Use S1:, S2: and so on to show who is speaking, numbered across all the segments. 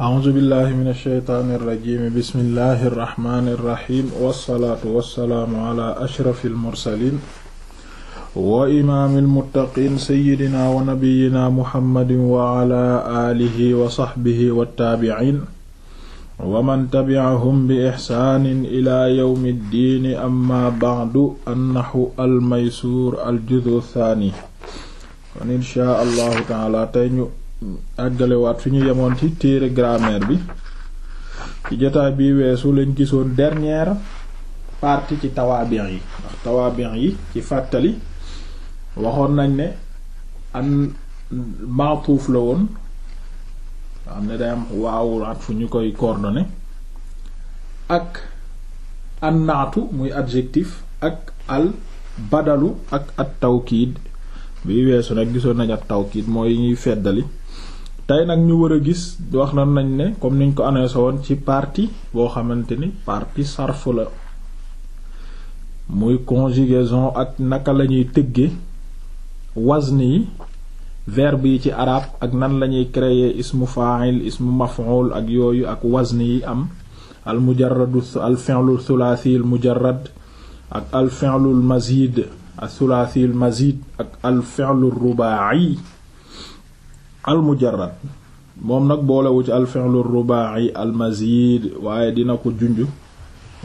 S1: a'uuzu billahi min alsheytaani irrajimi bismillahi irrahmani irrahim wassalaatu wassalaamu ala ashrafi almursalin wa imaami almuttaqiin seyidina wa nabiyina muhammadin wa ala aalihi wa saxbihi wattaabiciin wa man tabi'ahum bi ixsaanin ila yawmi ddiini amma ba'du annaxu almaysuur aljuzu thaani kon inshaa allahu taala tey ñu àggalewaat fi ñu yemoon ci téere grammaire bi ci jotaay bi weesu lañ gisoon dernière partie ci tawaabiin yi ndax tawaabiin yi ci fàttali waxoon nañ ne an maatuuf la woon am ne day am waawul at fu ñu koy coordonné ak an naatu muy adjectif ak al badalu ak at tawkiid bi weesu nag gisoon nañ at tawkiid mooy ñuy feddali tey nag ñu war a gis wax na nañ ne comme niñ ko annoncé woon ci parti boo xamante ni partie sarf la muy conjugaison ak naka lañuy tëggee wazn yi verbe yi ci arab ak nan lañuy créer ismu fa'il ismu maf'ul ak yooyu ak wazn yi am al mujarradu al fi'lu thulathi al mujarrad ak al fi'lu al mazid al thulathi al mazid ak al al mujarrad moom nag boolewu ci al fi'lu ruba'i al mazid waaye dina ko junj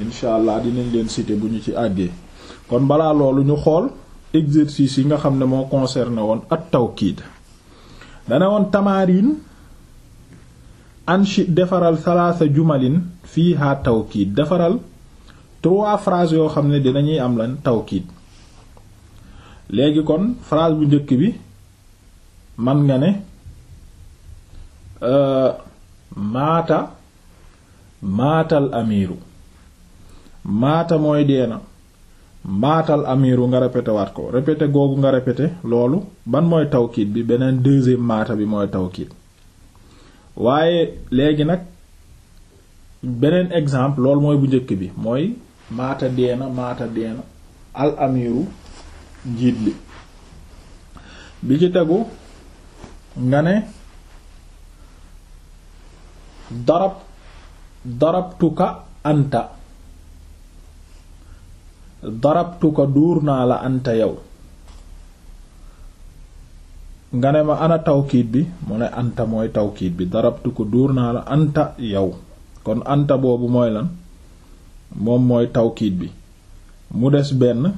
S1: incha allah dinañ leen citer bu ñu ci àggee kon balaa loolu ñu xool exercice yi nga xam ne moo concerné woon at tawkiid dana woon tamarin anchi defaral salaasa jumalin fiiha tawkiid defaral trois frase yoo xam ne dinañuy am lan tawkiid léegi kon phrase bu njëkk bi man nga ne Euh, maata maatal amiru maata mooy deena maatal amiru nga répété waat ko répété googu nga répété loolu ban mooy tawkiit bi beneen deuxième maata bi mooy tawkiit waaye léegi nag beneen exemple loolu mooy bu njëkk bi mooy maata deena maata deena al amiru njiit li bi ci tegu nga ne darab darabtuka anta darabtuka duur naa la anta yow nga ne ma ana kiit bi mu ne anta mooy tawkiit bi darabtuka duur naa la anta yow kon anta boobu mooy lan moom mooy tawkiit bi mu des benn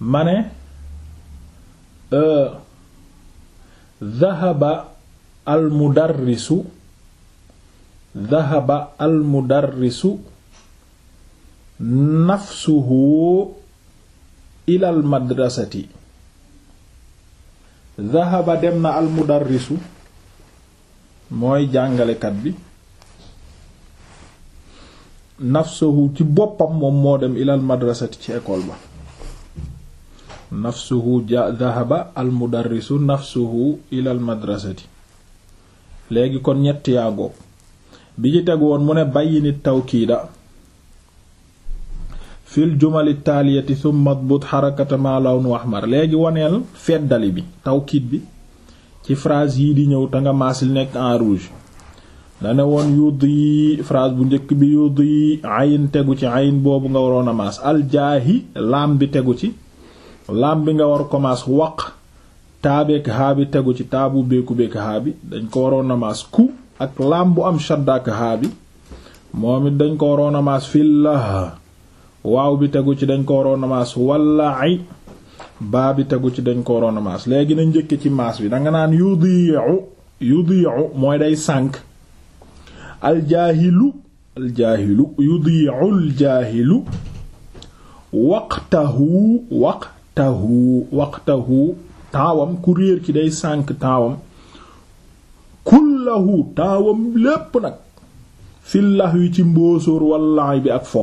S1: ma ne euh, dhahaba al mudarrisu dahaba almudarrisu nafsuhu ilal madrasati dahaba dem na almudarrisu mooy jàngalekat bi nafsuhu ci boppam moom moo dem ilal madrasati ci école ba nafsuhu ja dahaba almudarrisu nafsuhu ilal madrasati léegi kon ñett yaa goog bi ci teg woon mu ne bayyinit tawkiida fil jumali taaliyati thumma adbut xarakata ma lawnu ahmar léegi waneel feddali bi tawkiit bi ci phrase yi di ñëw te nga li nekk en rouge dane woon yudd yi phrase bu njëkk bi yudd yi ayin tegu ci ayin boobu nga waroon a maas aljaahi lam bi tegu ci lam bi nga war ko maas waq taabeek haa bi tegu ci taabu beeku beek haa bi dañ ko waroon a maas ku ak laam bu am shadda ak haa bi moom it dañ ko waroon a waaw bi tegu ci dañ ko waroon a maas walla baa bi tegu ci dañ ko waroon a léegi na njëkk ci maas bi danga naan yudiu yudiu mooy day sànk aljaahilu aljaahilu yudiu aljaahilu waqtahu waqtahu waqtahu taawam ku réer ki day sànk taawam kullahu taawam lépp nag fil wi ci mbóosóor wallaay bi ak fo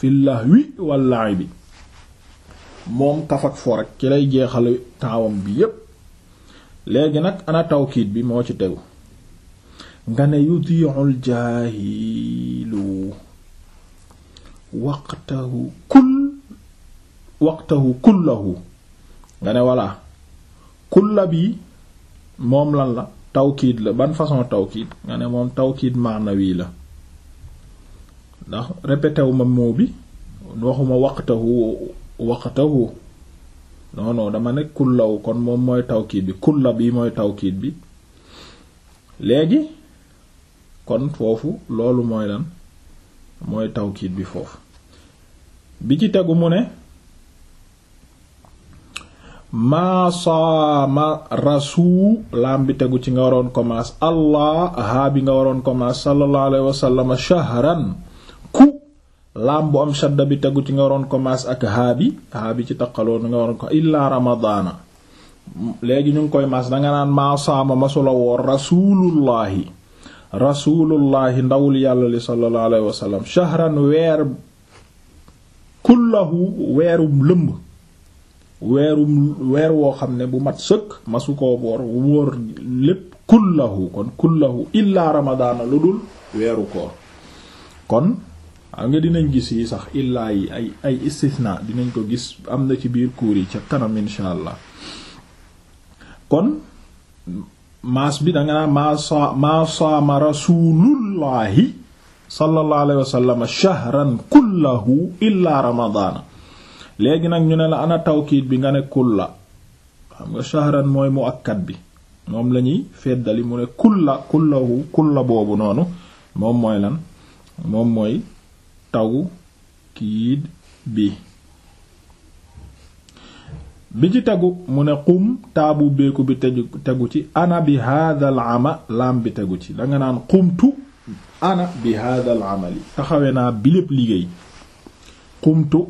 S1: fil lahwi wallaay bi moom kaf ak fo rek ci lay jeexal taawam bi yépp léegi nag ana tawkiit bi moo ci tegu nga ne yudiixul jaahilu waqtahu kul waqtahu kullahu nga ne walla kulla bi moom lan la tawkiid la ban façon tawkiid nga ne moom tawkiid wii la ndax répété wu ma moo bi waxuma waqtahu waqtahu non non dama ne kullaw kon moom mooy tawkiid bi kulla bi mooy tawkiid bi léegi kon foofu loolu mooy lan mooy tawkiid bi foofu bi ci tegu mu ne maa saama rasu laam bi tegu ci nga waroon commence allah haa bi nga waroon commence sallallahu alayhi wa sallam shahran ku laam bu am shadda bi tegu ci nga waroon commence ak haa bi haa bi ci taqaloon nga waroon ko illaa ramadaana léegi ñu ngi koy mas danga naan maa saama masula woor rasuulullahi rasuulullahi ndawul yàlla li sallallahu alayhi wa sallam shahran weer kullahu weerum lëmb weerum weer woo xam ne bu mat sëkk masu koo boor wóor lépp kullahu kon kullahu illaa ramadaana lu dul weeru koor kon xam nga dinañ gis yi sax illaa yi ay ay istithna dinañ ko gis am na ci biir kuur yi ca kanam insha kon maas bi danga naa maasa maasaama rasulullahi sallallahu alayhi shahran kullahu illaa ramadaana léegi nag ñu ne la ana tawkiit bi nga ne kulla xam nga shahran mooy mu muakkad bi moom lañuy ñuy feddali mu ne kulla kulla boobu noonu moom mooy lan moom mooy tawkiit bi bi ci tegu mu ne qum taabu beeku bi tegu tegu ci ana bi hadal ama laam bi tegu ci danga naan qumtu ana bi hadal amali taxawe naa bi lépp liggéey qumtu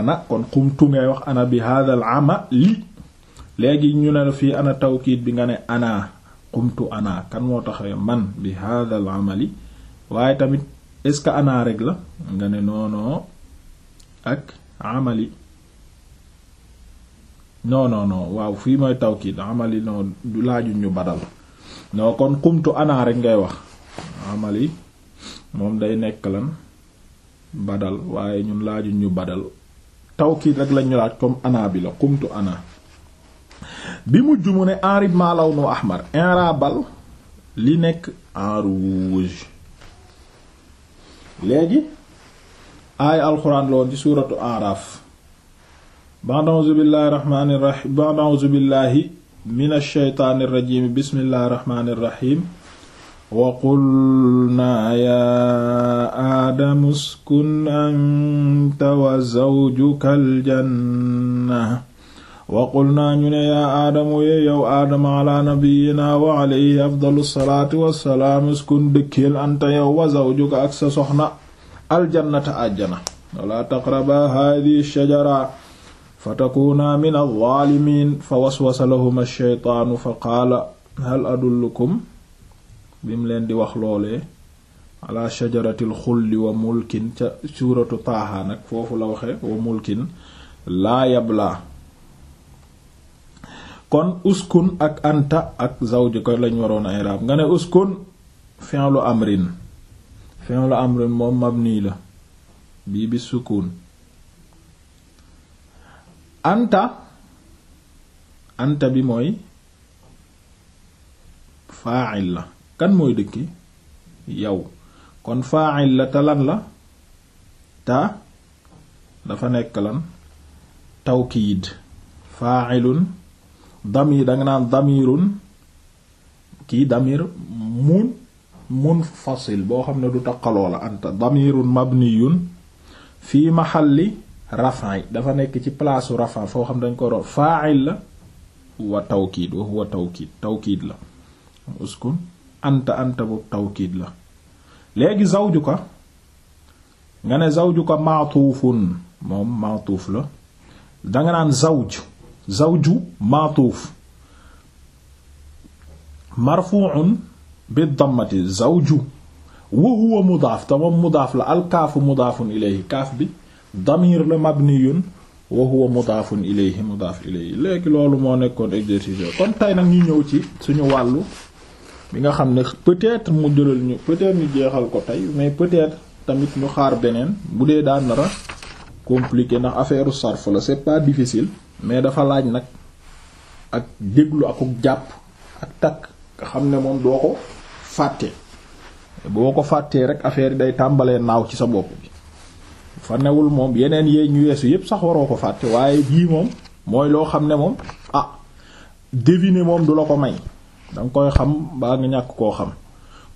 S1: ana kon xumtu ngay wax ana bi hadal ama li léegi ñu ne fii ana tawkiit bi nga ne ana xumtu ana kan moo tax man bi hadal amali waaye tamit est-ce que ana rek la nga ne noono ak amali non non waaw fii mooy tawkiit amali non du laaju ñu badal non kon xumtu ana rek ngay wax amali moom day nekk lan badal waaye ñun laaju ñu badal tawkiid rek lañu laaj comme ana bi la qumtu ana bi mujj mu ne enrib maalaw nu ahmar inrabal li nekk en rouge léegi aay alxuraan la woon ci suuratu araaf ba'da a'uuzu billaahi billaahi minash shaytaanir rajiim waqulnaa yaa aadamu uskun anta wa zawjuka aljanna waqulnaa ñu ne yaa aadamu ye yow aadama ala nabiyina wa alayhi afdalu salaati wassalaam uskun dëkkeel anta yow wa zawjuka ak sa soxna aljannata àjjana walaa taqrabaa haadihi shajara fa takuunaa min alzaalimiin fa waswasa lahuma shaytaanu fa qaala hal adullukum bi mu leen di wax loole ala shajaratil xulli wa mulkin ca suuratu taaha nag foofu la waxe wa mulkin laa yablaa kon uskun ak anta ak zawj ko lañ waroon a i'rab nga ne uskun fi'lu amrin fi'lu amrin moom mabni la bii bi sukun anta anta bi mooy fa'il la kan mooy dëkki yow kon fa'il la te lan la ta dafa nekk lan tawkiid fa'ilun damir danga naan damirun kii damir mun munfasil boo xam ne du taqaloo la anta damirun mabniyun fii mahalli yi dafa nekk ci place u raf'a foo xam dañ ko rof fa'il la wa tawkiid wa huwa tawkiid tawkiid la uskun anta anta bu tawkiid la léegi zawjuka nga ne zawjuka maatuufun moom maatuuf la danga naan zawj zawju maatuuf marfuun bi dammati zawju wa huwa mudaaf te la alkaafu mudaafun ilayhi kaaf bi damir la mabniyun wa huwa ilayhi mudaaf ilayhi léegi loolu moo nekkoon exercice kon tey nag ñu ñëw ci suñu wàllu bi nga xam ne peut-être mu jëlal ñu peut-être ñu jeexal ko tey mais peut-être tamit ñu xaar beneen bu dee daan nara compliqué ndax affaire sarf la c'est pas difficile mais dafa laaj nag ak déglu ak jàpp ak takk nga xam ne moom doo ko fàtte boo ko fàttee rek affaire yi day tàmbalee naaw ci sa bopp bi fa newul moom yeneen yee ñu weesu yépp sax waroo ko fàtte waaye bii moom mooy loo xam ne moom ah deviner moom du la ko may danga koy xam baa nga ñàkk koo xam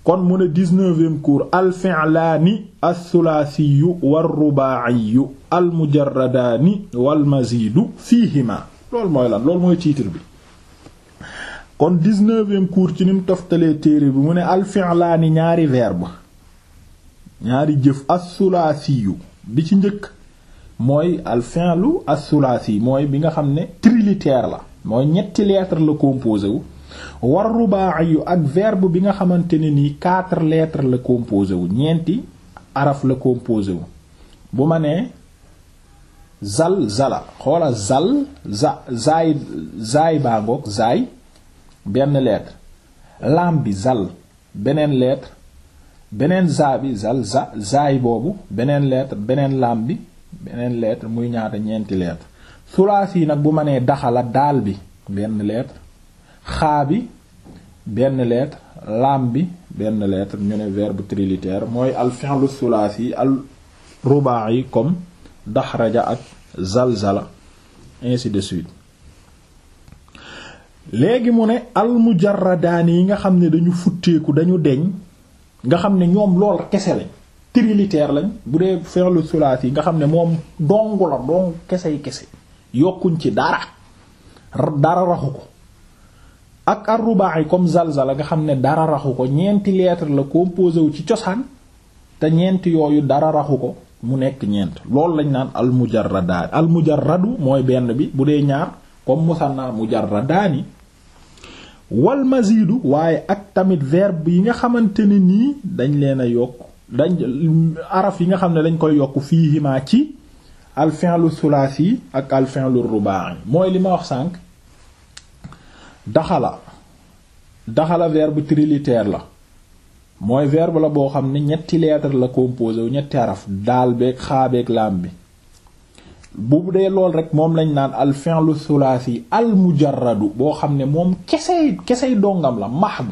S1: kon mu ne dix-neuvième cours al fi'laani as-sulaasiyu war-rubaa'iyu al mujarradaani wal maziidu fiihimaa loolu mooy lan loolu mooy titre bi kon dix-neuvième cours ci nim toftalee téere bi mu ne al fi'laani ñaari verbe ñaari jëf as bi ci njëkk mooy al fi'lu as mooy bi nga xam ne trilitère la mooy ñetti lettre la composé wu war rubaa'i ak verbe bi nga xamante ne nii quatre lettres la composé wu ñeenti araf la composé wu bu ma nee zal zala xoola zal za zaay zaay baa ngoog zaay benn lettre lam bi zal beneen lettre beneen za bi zal za zaay boobu beneen lettre beneen lam bi beneen lettre muy ñaata ñeenti lettre sulaas yi nag bu ma nee daxala daal bi benn lettre xaa bi benn lettre laam bi benn lettre ñu ne verbe trilitère mooy al fi'lu thulathi al ruba'i comme daxraja ak zalzala ainsi de suite léegi mu ne al mujarradaani yi nga xam ne dañu futteeku dañu deñ nga xam ne ñoom lool kese lañ trilitère lañ bu dee fi'lu thulathi yi nga xam ne moom dong la dong kese kese yokkuñ ci dara dara raxu ko ak ar-ruba'i comme zalzala nga xam ne dara raxu ko ñeenti lettre la composé wu ci cosaan te ñeenti yooyu dara raxu ko mu nekk ñeent loolu lañ naan al-mujarradaani al-mujarradu mooy benn bi bu dee ñaar comme musanna mujarradaani wal mazidu waaye ak tamit verbe yi nga xamante ne nii dañ leen a yokk dañ araf yi nga xam ne dañ koy yokk fiihimaa ci al lu thulaasi ak alfin lu ruba'i mooy li ma wax sànq. daxala daxala verbe trilitère la mooy verbe la boo xam ne ñetti leetar la composé wu ñetti araf daal beeg xaabeeg laam bi bu dee lool rek moom lañ naan al fi'lu thulathi al mujarradu boo xam ne moom kesey kesey dongam la mahd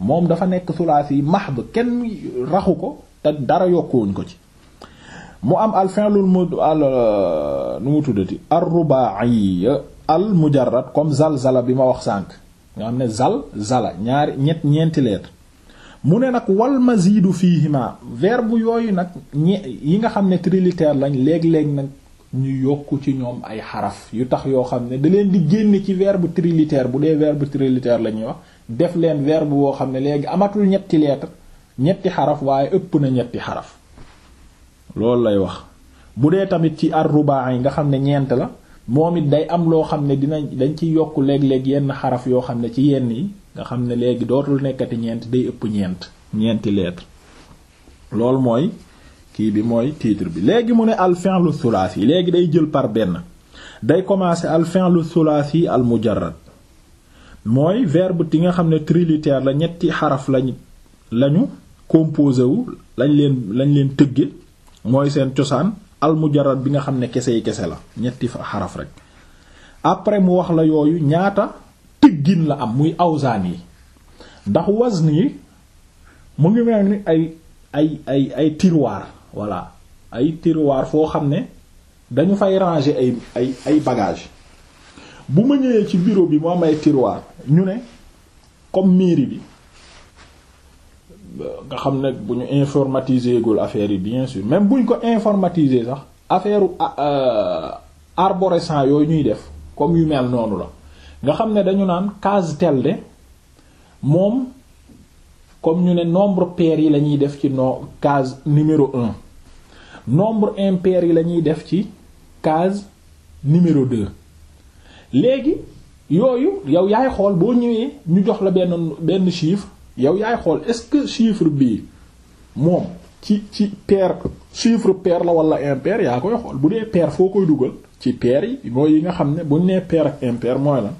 S1: moom dafa nekk thulathi mahd kenn raxu ko te dara yokkuwuñ ko ci mu am al fi'lu mu euh, nu mu tuddati ar-ruba'i al mujarrad comme zalzala bi ma wax sànq nga xam ne zal zala ñaari ñett ñeenti lettre mu ne nag wal mazidu fiihima verbe yooyu nag ñe yi nga xam ne trilitère lañ léeg-léeg nag ñu yokk ci ñoom ay xaraf yu tax yoo xam ne da leen di génn ci verbe trilitère bu dee verbe trilitère la ñuy wax def leen verbe woo xam ne léegi amatul ñetti lettre ñetti xaraf waaye ëpp na ñetti xaraf loolu lay wax bu dee tamit ci ar yi nga xam ne ñeent la moom it day am loo xam ne dinañ dañ ci yokk léeg-léeg yenn xaraf yoo xam ne ci yenn yi nga xam ne léegi dootul nekkati ñeent day ëpp ñeent ñeenti lettre loolu mooy kii bi mooy tiitre bi léegi mu ne al fi'lu thulathi léegi day jël par benn day commencer al fi'lu thulathi al mujarrad mooy verbe ti nga xam ne trilitère la ñetti xaraf lañ lañu composé wu lañ leen lañ leen tëgge mooy seen cosaan al mujarrad bi nga xam ne kese yi kese la ñetti xaraf rek après mu wax la yooyu ñaata tiggin la am muy awsaan yi ndax wazn yi mu ngi mel ni ay ay ay ay tiroir voilà ay tiroir foo xam ne dañu fay ranger ay ay ay bagages bu ma ñëwee ci bureau bi mu am ay tiroir ñu ne comme mairie bi nga xam ne bu ñu informatiser gul affaire yi bien sûr même buñ ko informatiser sax affaire ah, euh, arborescent yooyu ñuy def comme yu mel noonu la nga xam ne dañu naan case tel de moom comme ñu ne nombre pair yi la ñuy def ci no case numéro un nombre impair yi la ñuy def ci case numéro deux léegi yooyu yow yaay xool boo ñëwee ñu jox la benn benn chiffre. yow yaay xool est-ce que chiffre bii moom ci ci pair chiffre pair la wala impair yaa koy xool bu dee pair foo koy dugal ci pair yi mooy yi nga xam ne buñ nee pair ak impair mooy la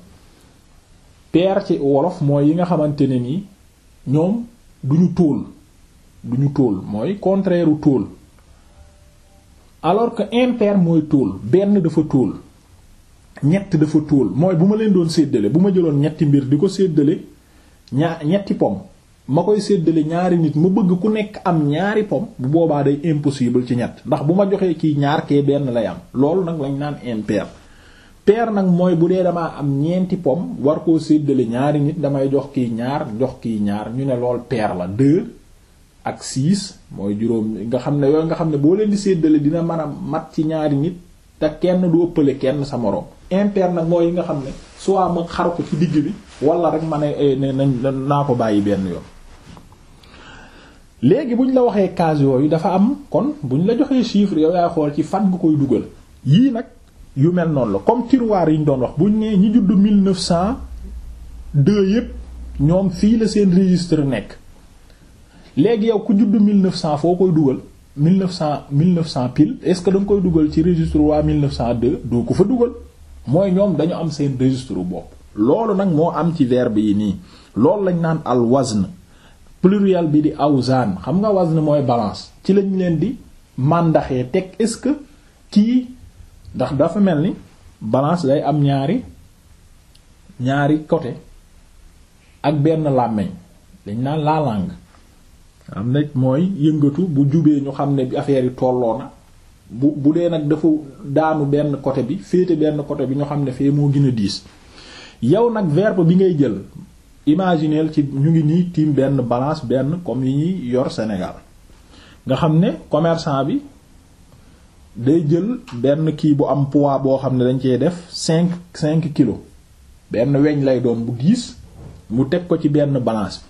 S1: pair ci wolof mooy yi nga xamante ne nii ñoom duñu tóol duñu tóol mooy contraire u tóol alors que impair mooy tóol benn dafa tóol ñett dafa tóol mooy bu ma leen doon séddale bu ma jëloon ñetti mbir di ko séddale ñaa ñetti pom ma koy séddale ñaari nit mu bëgg ku nekk am ñaari pom bu boobaa day impossible ci ñett ndax bu ma joxee kii ñaar kee benn lay am loolu nag lañ naan impair per nag mooy bu dee damaa am ñeenti pom war koo séddale ñaari nit damay jox kii ñaar jox kii ñaar ñu ne lool pair la deux ak siis mooy juróom nga xam ne yooyu nga xam ne boo leen di séddale dina mën a mat ci ñaari nit te kenn du ëppale kenn sa moroom interne nag mooy yi nga xam ne soit ma xar ko ci digg bi wala rek ma eh, ne nañ naa ko bàyyi benn yoon léegi buñ la waxee case yooyu dafa am kon buñ la joxee chiffre yow yaay xool ci fat nga koy dugal yii nag yu mel noonu la comme tiroir yi ñu doon wax bu buñ nee ñi judd 1902 yépp ñoom fii la seen registre nekk léegi yow ku judd cent foo koy dugal mille neuf cent mille neuf cent pile est-ce que da koy dugal ci registre waa mille neuf cent doo ko fa dugal mooy ñoom dañu am seen registre bopp loolu nag moo am ci verbe yi nii loolu lañ naan al wazn pluriel bi di awzan xam nga wazn mooy balance ci lañ leen di màndaxee teg est-ce que kii ndax dafa mel ni balance lay am ñaari ñaari côté ak benn làmmiñ dañ naan la am na mooy yëngatu bu jubee ñu xam ne bi affaire yi tolloo na bu bu dee nag dafa daanu benn côté bi féete benn côté bi ñu xam ne fee moo gën a diis yow nag verbe bi ngay jël imagineel ci ñu ngi nii tiim benn balance benn comme yi ñuy yor Sénégal nga xam ne commerçant bi day jël benn kii bu am poids boo xam ne dañ cee def cinq cinq kilo benn weñ lay doon bu diis mu teg ko ci benn balance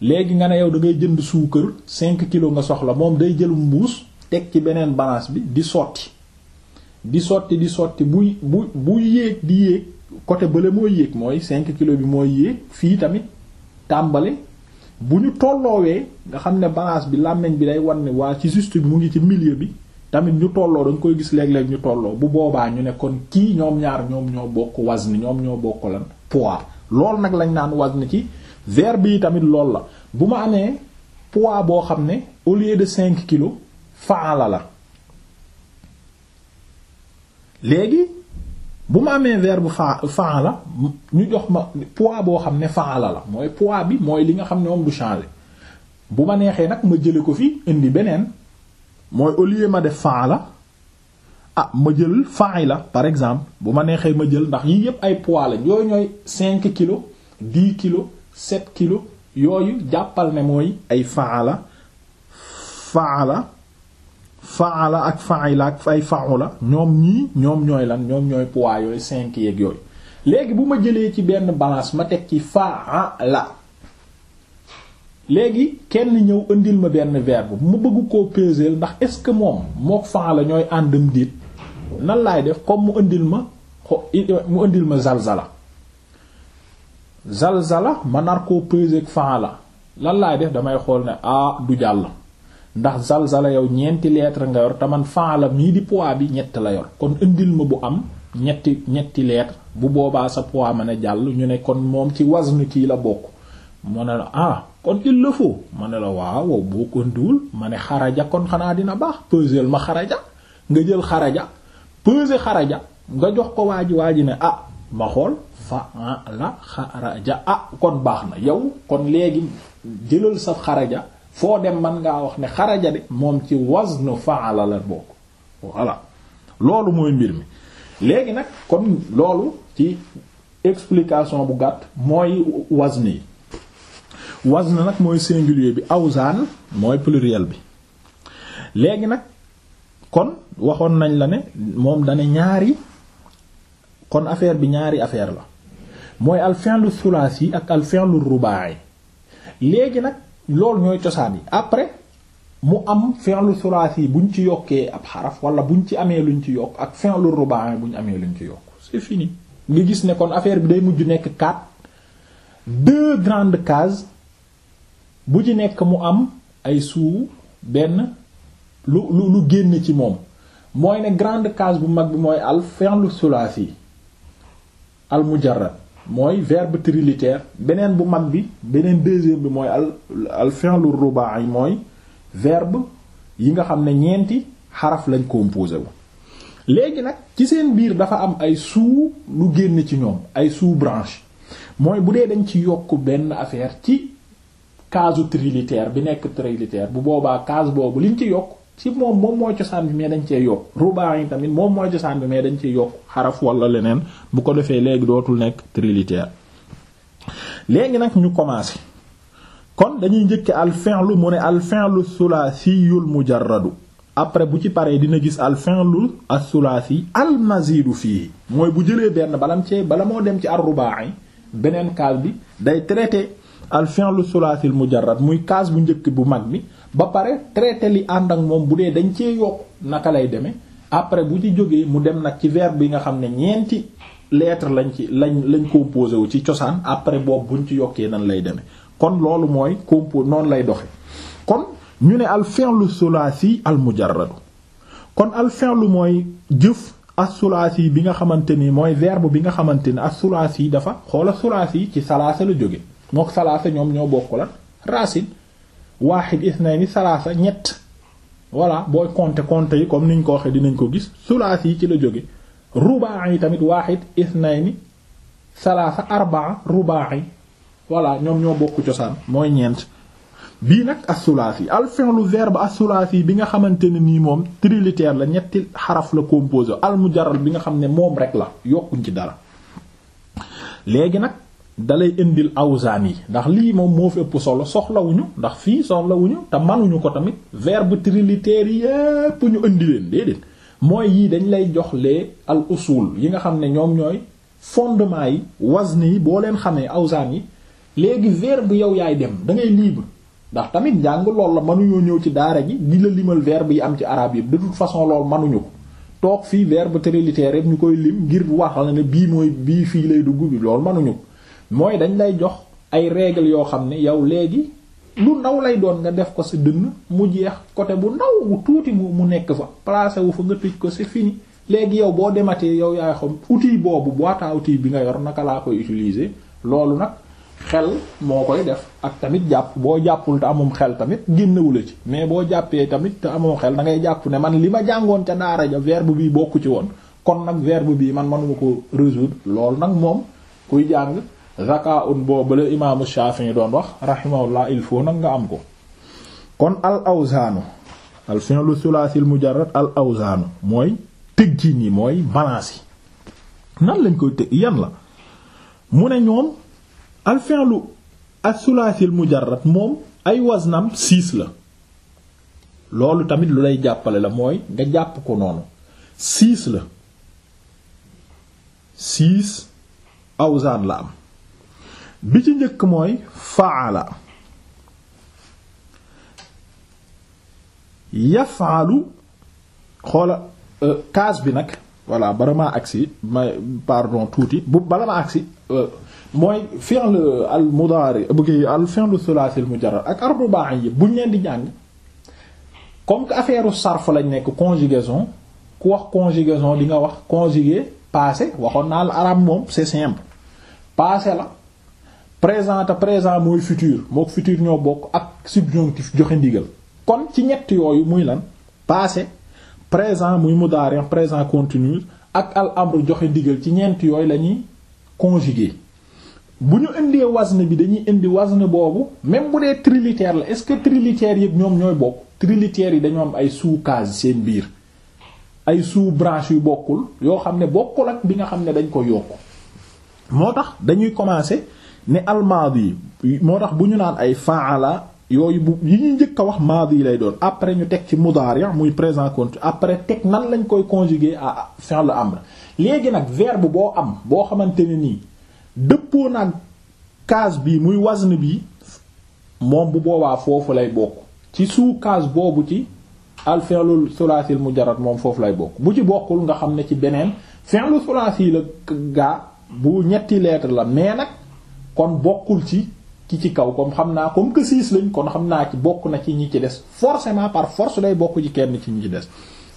S1: léegi nga ne yow dangay ngay jënd suukar cinq kilo nga soxla moom day jël mbuus teg ci beneen balance bi di sotti di sotti di sotti buy bu buy yéeg di yéeg côté bële mooy yéeg mooy cinq kilos bi mooy yéeg fii tamit tàmbali bu ñu tolloowee nga xam ne balance bi làmmeñ bi day war ne waa ci juste bi mu ngi ci milieu bi tamit ñu tolloo dañ koy gis léeg-léeg ñu tolloo bu boobaa ñu ne kon kii ñoom ñaar ñoom ñoo bokk wazn ñoom ñoo bokk lan poids loolu nag lañ naan wazn ci verbe bi tamit lool la bu ma amee poids boo xam ne au lieu de cinq kilos faala la la léegi bu ma amee verbe fa faala ñu jox ma poids boo xam ne faala la la mooy poids bi mooy li nga xam ne moom du changer bu ma neexee nag ma jële ko fi indi beneen mooy au lieu ma def la ah ma jël la par exemple bu ma neexee ma jël ndax yii yépp ay poids la yooyu ñooy cinq kilo dix kilo 7 kilos yooyu jàppal ne mooy ay faala faala faala ak faila ak ay faula ñoom ñii ñoom ñooy lan ñoom ñooy poids yooyu 5 yeeg yooyu léegi bu ma jëlee ci benn balance ma teg ci faala léegi kenn ñëw indil ma benn verbe ma bëgg koo peser ndax est-ce que moom mook faala ñooy àndam diit nan laay def comme mu indil ma mu indil ma zalzala zalzala ma nar koo peser ak la lan laay def damay xool ne a ah, du jàll ndax salsala yow ñeenti lettre nga yor taman la mii di poids bi ñett la yor kon indil ma bu am ñetti ñetti lettre bu boobaa sa poids mën a jàll ñu ne moom ci wazn kii la bokk mu ne la ah kon il ma ne la waaw boo ko indiwul ma ne xaraja kon xanaa dina baax peser ma xaraja nga jël xaraja peser xaraja nga jox ko waa ji waa ji ne ah ma xool fa la xaraja ah kon baax na yow kon léegi jëlal sa xaraja foo dem man ngaa wax ne xaraja de moom ci wazn fa'ala la bokk voilà loolu mooy mbir mi léegi nag kon loolu ci explication bu gàtt mooy wazn yi wazn nag mooy singulier bi awzan mooy pluriel bi léegi nag kon waxoon nañ la ne moom dane ñaari kon affaire bi ñaari affaire la mooy al fi'lu thulaas yi ak al fi'lu rubaay léegi nag loolu ñooy cosaan yi après mu am fi'lu thulaas yi buñ ci yokkee ab xaraf wala buñ ci amee luñ ci yokk ak fi'lu rubaay buñ amee luñ ci yokk c'est fini nga gis ne kon affaire bi day mujj nekk quatre deux grandes cases bu ci nekk mu am ay suu benn lu lu lu génn ci moom mooy ne grande case bu mag bi mooy al fi'lu thulaasi al mujarrad mooy verbe trilitère beneen bu mag bi beneen deuxième bi mooy al al fi'lu ruba'i mooy verbe yi nga xam ne ñeenti xaraf lañ composé wu léegi nag ci seen biir dafa am ay sous lu génn ci ñoom ay sous branche mooy bu dee dañ ci yokk benn affaire ci casu trilitère bi nekk trilitère bu boobaa case boobu liñ ci yokk ci moom moom mooy cosaan bi mais dañ cee yokk rubaa yi tamit moom mooy cosaan bi mais dañ cee yokk xaraf wala leneen bu ko defee léegi dootul nekk trilitère léegi nag ñu commencé kon dañuy njëkke al fi'lu mu ne al fi'lu thulathiyul mujarradu après bu ci paree dina gis al fi'lu as-thulathi al mazidu fii mooy bu jëlee benn balam cee bala moo dem ci ar rubaa'i beneen kaas bi day traité al fi'lu thulathil mujarrad muy kaas bu njëkk bu mag bi ba pare traité li ànd ak moom bu dee dañ cee yokk naka lay demee après bu ci jógee mu dem nag ci verbe bi nga xam ne ñeenti lettre lañ ci lañ lañ composé wu ci cosaan après boobu buñ ci yokkee nan lay demee kon loolu mooy compo noonu lay doxe kon ñu ne al fi'lu sulaasi al mujarrad kon al fi'lu mooy jëf as sulaasi bi nga xamante ni mooy verbe bi nga xamante ni as sulaasi dafa xoola sulaasi ci salaasa la jóge mook salaasa ñoom ñoo bokk la racine waaxid isnayni salaasa ñett voilà booy compter compter comme niñ ko waxee dinañ ko gis sulaas yi ci la jóge rubaa yi tamit waaxid isnayni salaasa arbaa rubaa yi voilà ñoom ñoo bokk cosaan mooy ñeent bii nag as-sulaasi yi al fi'lu verbe as-sulaasi yi bi nga xamante ne nii moom trilitère la ñetti xaraf la composé al mujarrad bi nga xam ne moom rek la yokkuñ ci dara léegi nag dalay indil awzaan yi ndax lii moom moo fi ëpp solo soxlawuñu ndax fii soxlawuñu te manuñu ko tamit verbe trilitère yépp ñu indi leen déedéet mooy yii dañ lay jox lee al usul yi nga xam ne ñoom ñooy fondement yi wazni yi boo leen xamee awzaan yi léegi verbe yow yaay dem da ngay libre ndax tamit njàng lool la mënuñoo ñëw ci daara ji di la limal verbe yi am ci arabe yëpp de toute façon loolu mënuñu ko toog fii verbe trilitère yëpp ñu koy lim ngir wax la ne bii mooy bii fii lay dugg bi loolu mënuñu ko mooy dañ lay jox ay règles yoo xam ne yow léegi lu ndaw lay doon nga def ko si dënn mu jeex côté bu ndaw tuuti mu mu nekk fa placé wu fa nga tëj ko si fini léegi yow boo dematee yow yaay xam outil boobu boîte à outil bi nga yor naka laa koy utiliser loolu nag xel moo koy def ak tamit jàpp boo jàppul te amum xel tamit génnewu la ci mais boo jàppee tamit te amoo xel da ngay jàpp ne man li ma jàngoon ca daara ja verbe bii bokku ci woon kon nag verbe bii man manuma ko résoudre loolu nag moom kuy jàng zaka un boobu la imaamu Shafi'i doon wax rahimahullah il faut nag nga am ko kon al awzaanu al fi'lu thulathil mujarrad al awzaanu mooy tëggiin yi mooy balance yi nan lañ koy tëgg yan la mu ne ñoom al fi'lu al thulathil mujarrad moom ay waznam six la loolu tamit lu lay jàppale la mooy nga jàpp ko noonu six la six awzaan la am bi ci njëkk mooy faala yafaalu xoola euh, kaas bi nag voilà bala maa agsi ma pardon tuuti bu bala maa agsi euh, mooy fi'l al mudaari bëgg al fi'l thulathi al mujarrad ak al ruba'i yi buñ leen di jàng comme que affaire sarf lañ nekk conjugaison ku wax conjugaison di nga wax conjugué passé waxoon naa la arabe moom c'est simple passé la présent te présent mooy futur mook futur ñoo bokk ak subjonctif joxe ndigal kon ci ñett yooyu muy lan passé présent muy mudaari présent continu ak al amru joxe ndigal ci ñeent yooyu la ñuy conjuguer bu ñu indee wazn bi dañuy indi wazn boobu même bu dee trilitère la est-ce que trilitère yëpp ñoom ñooy bokk trilitère yi dañoo am ay sous-case seen biir ay sous-branche yu bokkul yoo xam ne bokkul ak bi nga xam ne dañ ko yokk moo tax dañuy commencer ne almaadi yi moo tax bu ñu naan ay la yooyu bu yi ñuy njëkk a wax maadi yi lay doon après ñu teg ci mudaari muy présent continu après teg nan lañ koy conjuguer à fi'l amr léegi nag verbe boo am boo xamante ne nii dëppoo nag case bi muy wazn bi moom bu boobaa foofu lay bokk ci suu case boobu ci al fi'lul thulathil mujarrad moom foofu lay bokk bu ci bokkul nga xam ne ci beneen fi'lu thulathi la gaa bu ñetti lettre la mais nag kon bokkul ci ki ci kaw comme xam naa comme que six lañ kon xam naa ci bokk na ci ñi ci des forcément par force lay bokk ci kenn ci ñi ci des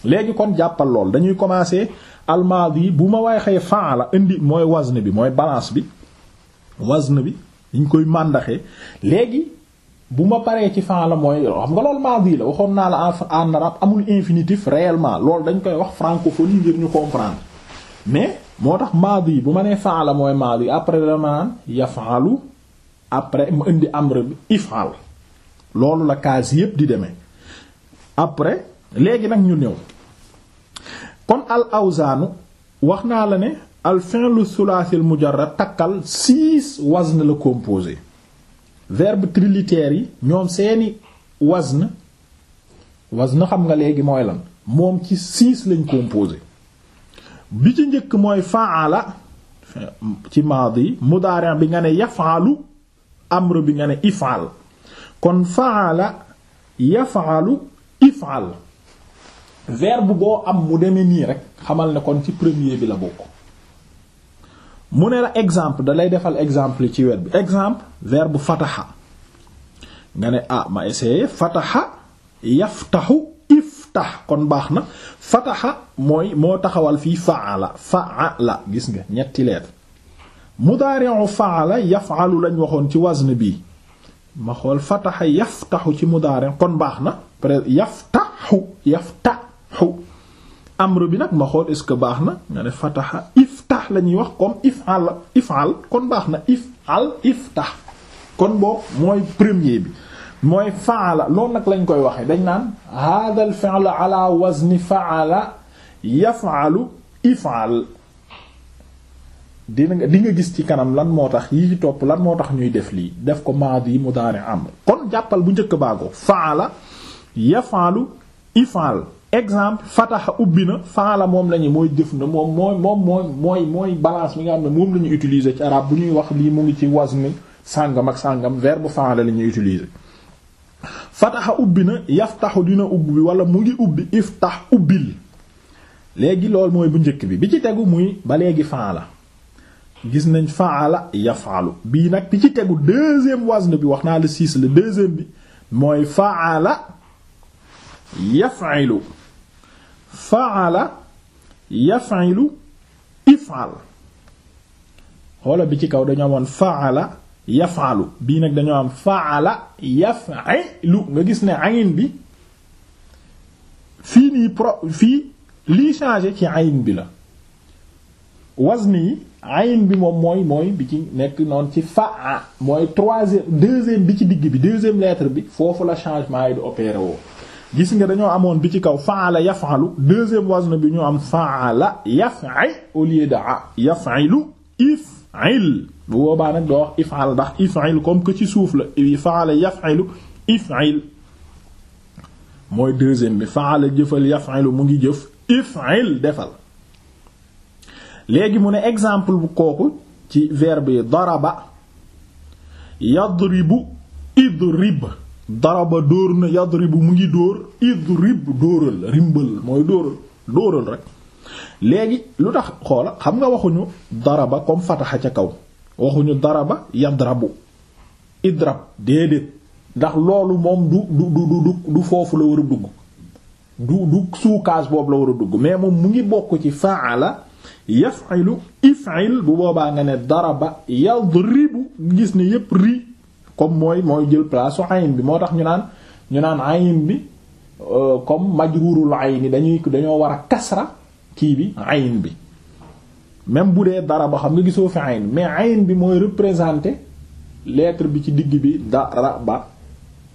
S1: léegi kon jàppal lool dañuy commencer almaadi bu ma waxee la indi mooy wazn bi mooy balance bi wazn bi dañ koy màndaxee léegi bu ma paree ci la mooy xam nga loolu maadi la waxoon naa la en arabe amul infinitif réellement loolu dañ koy wax francophonie ngir ñu comprendre mais moo tax maadi bu ma nee faala mooy yi après dama naan yafalu après mu indi amr bi ifal loolu la kaas yépp di deme après léegi nag ñu ñëw kon al awzaanu wax naa la ne al fi'lu thulathil mujarrad takkal six wazn la composé verbe trilitaire yi ñoom seeni wazn wazn xam nga léegi mooy lan moom ci six lañ composé bi ci njëkk mooy faala ci maadi mudaari' bi nga ne yafaalu amr bi nga ne ifaal kon faala yafaalu ifaal verbe boo am mu demee nii rek xamal ne kon ci premier bi la bokk mu ne la exemple dalay defal exemple ci wet bi exemple verbe fataxa nga ne ah ma essayé fataxa yaftaxu iftah kon baax na fataxa mooy moo taxawal fii faala faala gis nga ñetti leet mudaari'u yaf yaf'alu lañ waxoon ci wazn bi ma xool fataxa yaf yaftahu ci mudaari' kon baax na peut-être yaftahu yaftahu amru bi nag ma xool est baax na nga ne fataha iftah la ñuy wax comme if'al if'al kon baax na if'al iftah kon boobu mooy premier bi mooy faala lool nag lañ koy waxee dañ naan hada al fi'l ala wazni faala yaf'alu if'al dina nga di nga gis ci kanam lan moo tax yi topp lan moo tax ñuy def lii def ko mu mudaari amr kon jàppal bu njëkk baago faala yaf'alu if'al exemple fataxa ubbi na faala moom lañu mooy jëf na moom mooy moom mooy mooy mooy balance nga xam ne moom la ñuy utiliser ci arab bu ñuy wax lii mu ngi ci wazni sàngam ak sàngam verbe faala la ñuy utiliser fataxa ubbi na yaftaxu dina ubbi wala mu ngi ubbi iftax ubbil léegi loolu mooy bu njëkk bi bi ci tegu muy ba léegi faala gis nañ faala yafalu bii nag bi ci tegu deuxième wazn bi wax naa la six le deuxième bi mooy faala yafalu faala yafalu ifal xoola bi ci kaw dañu amoon faala yafaalu bii nag dañoo am faala yafilu nga gis ne ayin bi fii nii pro fii lii changé ci ayin bi la wazni yi ayin bi moom mooy mooy bi ci nekk noon ci faa mooy troisième deuxième bi ci digg bi deuxième leetre bi foofu la changement yi di opéré woo gis nga dañoo amoon bi ci kaw faala yafalu deuxième wazn bi ñu am faala yafi au lieu de a yafilu if il bu boobaa nag doo wax ifal ndax ifil comme que ci suuf la faala yafilu ifil mooy deuxième bi faala jëfal yafilu mu ngi jëf ifil defal léegi mu ne exemple bu kooku ci verbe yi daraba yadribu idrib daraba dóor na yadribu mu ngi dóor idrib dóoral rimbal mooy dóoral dóoral rek léegi lu tax xoola xam nga waxuñu dara ba comme fataxa ca kaw waxuñu dara daraba yadrabu idrab déedéet ndax loolu moom du du du du du foofu la war a dugg du du suukaas boobu la war a dugg mais moom mu ngi bokk ci faala yafilu ifil bu boobaa nga ne dara daraba yadribu gis ne yépp ri comme mooy mooy jël place su ayin bi moo tax ñu naan ñu naan ayin bi euh, comme majrurul ayin dañuy dañoo war a kasra kii bi ayin bi même bu dee dara ba xam nga gisoo fi ayin mais ayin bi mooy représenter lettre bi ci digg bi dara ba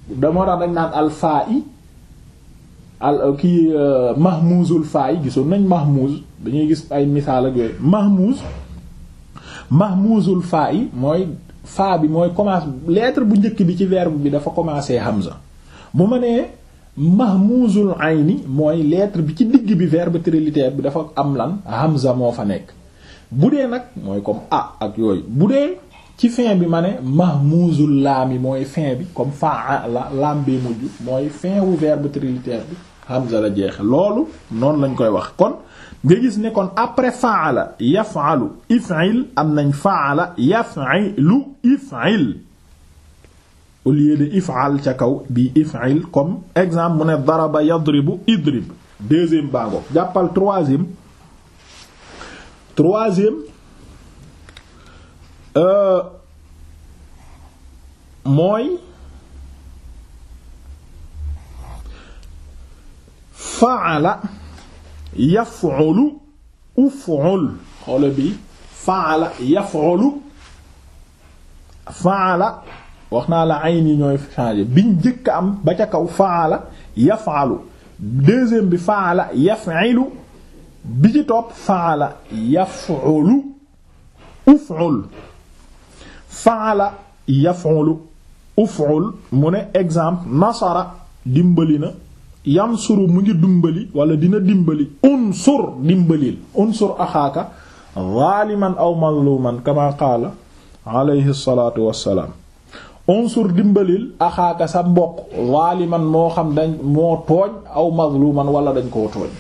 S1: dama tax dañ naan alfaa i al kii euh, mahmuzul faa i gisoon nañ mahmuz dañuy gis ay misaal ak yooyu mahmuz mahmuzul faa i mooy faa bi mooy commence lettre bu njëkk bi ci weer bi dafa commencer hamza bu ma nee mahmuzul ayni mooy lettre bi ci digg bi verbe trilitère bi dafa am lan hamza moo fa nekk bu dee nag mooy comme a ak yooyu bu dee ci fin bi ma ne mahmuzul laam yi mooy fin bi comme faa la laam bee mujj mooy fin wu verbe trilitère bi hamza la jeexe loolu noonu lañ koy wax kon nga gis ne kon après faala yaf'alu if'il am nañ faala yaf'ilu if'il au de if'al ca kaw bi if'il comme exemple mu ne daraba yadribu idrib deuxième bango jàppal troisième troisième euh, mooy faala yaf'ulu uf'ul faala yaf'ulu faala wax naa la ayn yi ñooy changé biñ njëkk am ba ca kaw faala yafalu deuxième bi faala yafilu bi ci topp faala yafulu uful faala yafulu mu ne exemple nasara dimbali na yansuru mu ngi dimbali wala dina dimbali unsur dimbalil unsur axaaka zaliman aw mazluman kama qaala alayhi salaatu wassalaam unsur dimbalil axaaka sa mbokk zaliman moo xam dañ moo tooñ aw mazluman wala dañ koo tooñ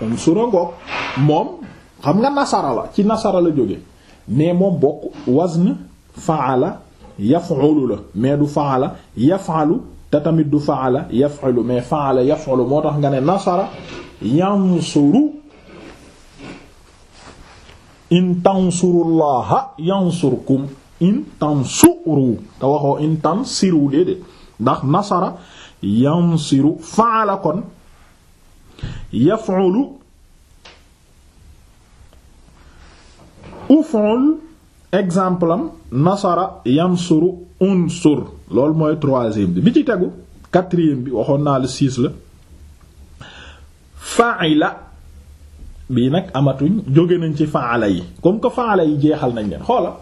S1: unsura ngoog moom xam nga nasara la ci nasara la jóge mais moom bokk wazn faala yaf'ulu la mais du faala yaf'alu te tamit du faala yaf'alu mais faala yaf'alu moo tax nga ne nasara yansuru in tansurullaha yansurkum in tansuru te waxoo in tansiru déedéet ndax nasara yansiru faala kon yaf'ulu uf'ul exemple am nasara yansuru unsur loolu mooy troisième bi bi ci tegu quatrième bi waxoon naa la six la fa'ila bii nag amatuñ jóge nañ ci faala yi comme que faala yi jeexal nañ leen xoola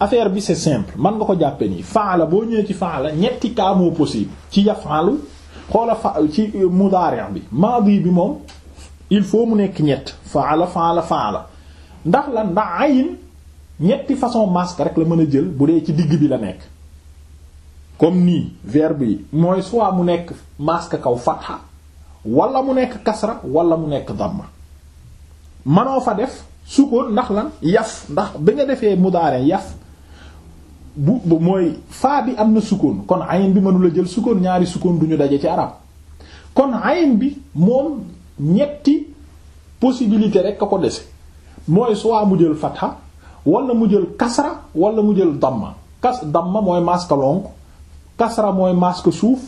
S1: affaire bi c'est simple man nga ko jàppe nii faala boo ñëwee ci faala ñetti cas moo possible ci yafalu xoola fa ci euh, mudaari' bi maadi bi moom il faut mu nekk ñett faala faala faala ndax la ndax ayin ñetti façon masque rek la mën a jël bu dee ci digg bi la nekk comme nii verbe yi mooy soit mu nekk masque kaw fatha wala mu nekk kasra wala mu nekk damma manoo fa def sukkoon ndax lan yaf ndax bi nga defee mudaari' yaf bu mooy faa bi am na sukkoon kon ayin bi mënula jël sukkoon ñaari sukkoon duñu daje ci arab kon ayin bi moom ñetti possibilité rek a ko dese mooy soit mu jël fatha wala mu jël kasra wala mu jël damma kas damma mooy masque lonk kasra mooy masque suuf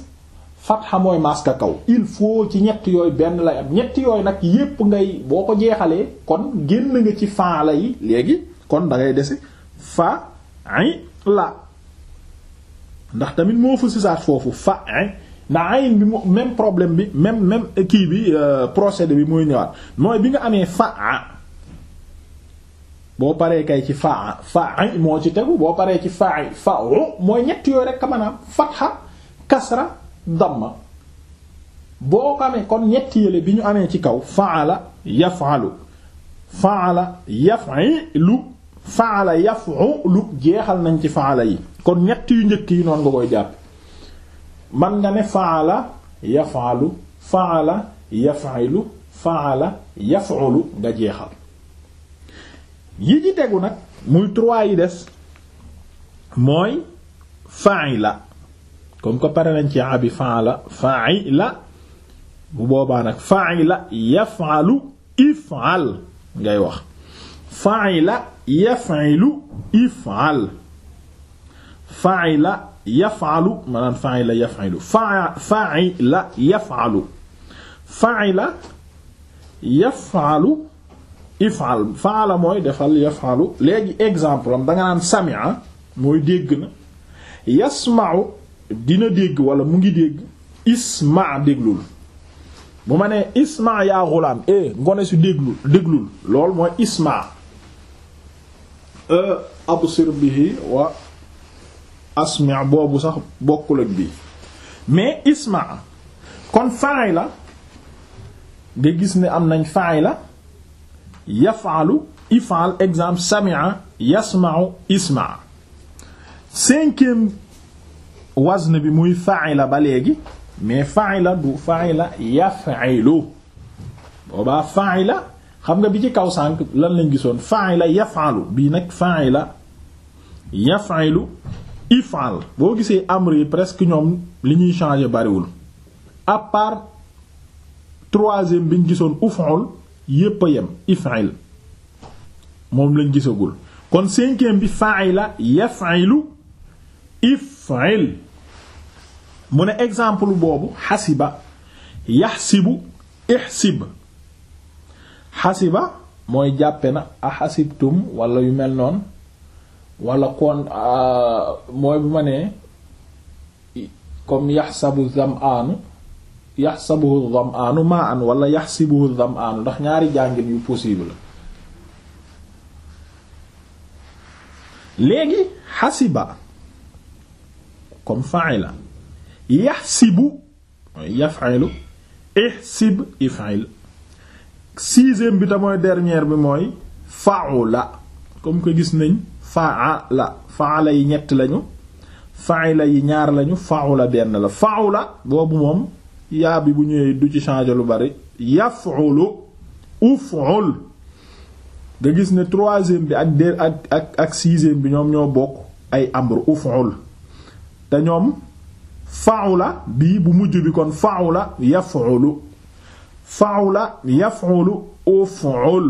S1: fatha mooy masque kaw il faut ci ñetti yooyu benn lay am ñett yooyu nag yépp ngay boo ko jeexalee kon génn nga ci la yi léegi kon da ngay dese fa la ndax tamit moo fa sisaat foofu fa ndax ayin bi mo même problème bi même même kii bi euh, procédé bi mooy ñëwaat mooy bi nga amee fa boo paree kay ci fa fa moo ci tegu boo paree ci fa fa oh, mooy ñetti yooyu rek maanaam fatha kasra damma boo ko amee kon ñetti yële bi ñu amee ci kaw faala yafalu faala yafilu faala yaf'ulu jeexal nañ ci faala yi kon ñett yu njëkk yi noonu nga koy jàpp man nga ne faala yaf'alu faala yaf'ilu faala yaf'ulu nga jeexal yi ci tegu nag muy trois yi des mooy fa'ila comme que pare nañ ci abi fa'ala fa'ila bu boobaa nag fa'ila yaf'alu if'al ngay wax fa'ila yaf'ilu if'al fa'ila yaf'alu maanaam fa'ila yaf'ilu fa'ila yaf'alu fa'ila yaf'alu if'al fa'ala mooy defal yaf'alu léegi exemple danga naan sami'a mooy dégg na yasma'u dina dégg wala mu ngi dégg isma déglul bu ma nee isma yaa xulaam eh ngone si déglul déglul loolu mooy isma absir bihi wa asmi' boobu sax bokkul ak bii mais isma kon fa'ila nga gis ni am nañ fa'ila yaf'alu if'al exemple sami'a yasma'u isma cinquième wazn bi muy fa'ila ba léegi mais fa'ila du fa'ila yaf'ilu boobaa fa'ila xam nga bi ci kaw sànq lan lañ gisoon fa'ila yaf'alu bii nag fa'ila yaf'ilu if'al boo gisee amr yi presque ñoom li ñuy changer bariwul à part troisième bi ñu gisoon uf'ul yépp a yem if'il moom lañ gisagul kon cinquième bi fa'ila yaf'ilu if'il mu ne exemple boobu xasiba yaxsibu ixsib xasiba mooy jàppe na axasibtum wala yu mel noonu wala kon euh, mooy bu ma nee comme yaxsabu zam'aanu yaxsabuhu zam'aanu maa an wala yaxsibuhu zam'aanu ndax ñaari jàngin yu possible léegi xasiba comme fa'ila yaxsibu mooy yaf'ilu ihsib if'il sixième bi te mooy dernière bi mooy fa'ula comme que gis nañ fa'ala la yi ñett lañu fa'ila yi ñaar lañu fa'ula benn la fa'ula boobu moom yaa bi bu ñëwee du ci changer lu bari yaf'ulu uf'ul nga gis ne troisième bi ak der ak ak bi ñoom ñoo bokk ay amru uf'ul te ñoom fa'ula bii bu mujj bi kon fa'ula yaf'ulu fa'ula yaf'ulu uf'ul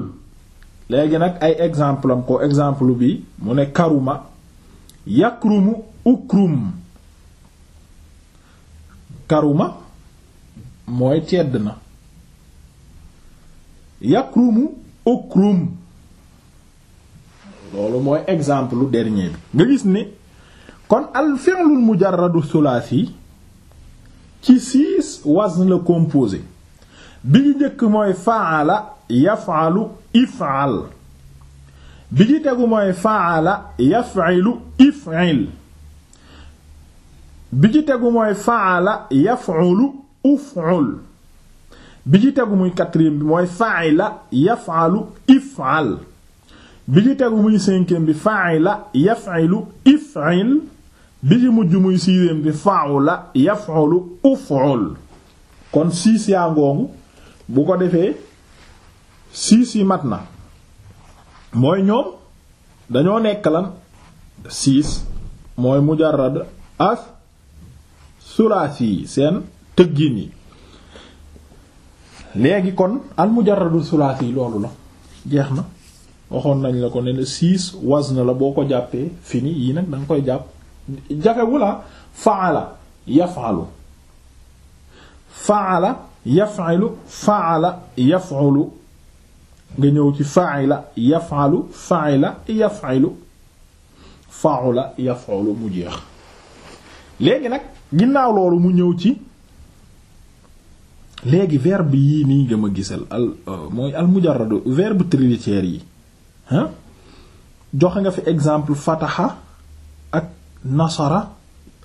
S1: léegi nag ay exemple am ko exemple bi mu ne karuma yakrumu ukrum karuma mooy tedd na yakrumu ukrum loolu mooy exemple lu dernier bi nga gis ni kon al fi'lul mujarradu thulathi ci six wazn la composé bi ñu njëkk mooy faala yafalu ifal bi ci tegu mooy faala yafilu ifil bi ci tegu muy quatrième bi mooy faila yafalu ifal bi ci tegu muy cinquième bi faila yafilu ifil bi ci mujj muy sixième bi faula yafulu uful kon siis yaa ngoogu bu ko defee six yi mat na mooy ñoom dañoo nekk la six mooy mujarrad as sulaasi yi seen tëggin yi léegi kon al mujarradu sulaasi yi loolu la jeex na waxoon nañ la ko ne la six wazn la boo ko jàppee fini yi nag da koy jàpp jafewu la faala yafalu faala yaf'alu fa'ala yaf'alu nga ñëw ci fa'ila yaf'alu fa'ila yaf'alu fa'ula yaf'alu mu jeex léegi nag ginnaaw loolu mu ñëw ci léegi verbe yii nii nga ma gisal al euh, mooy al mujarradu verbe trilitère yi ah joxe nga fi exemple fataxa ak nasara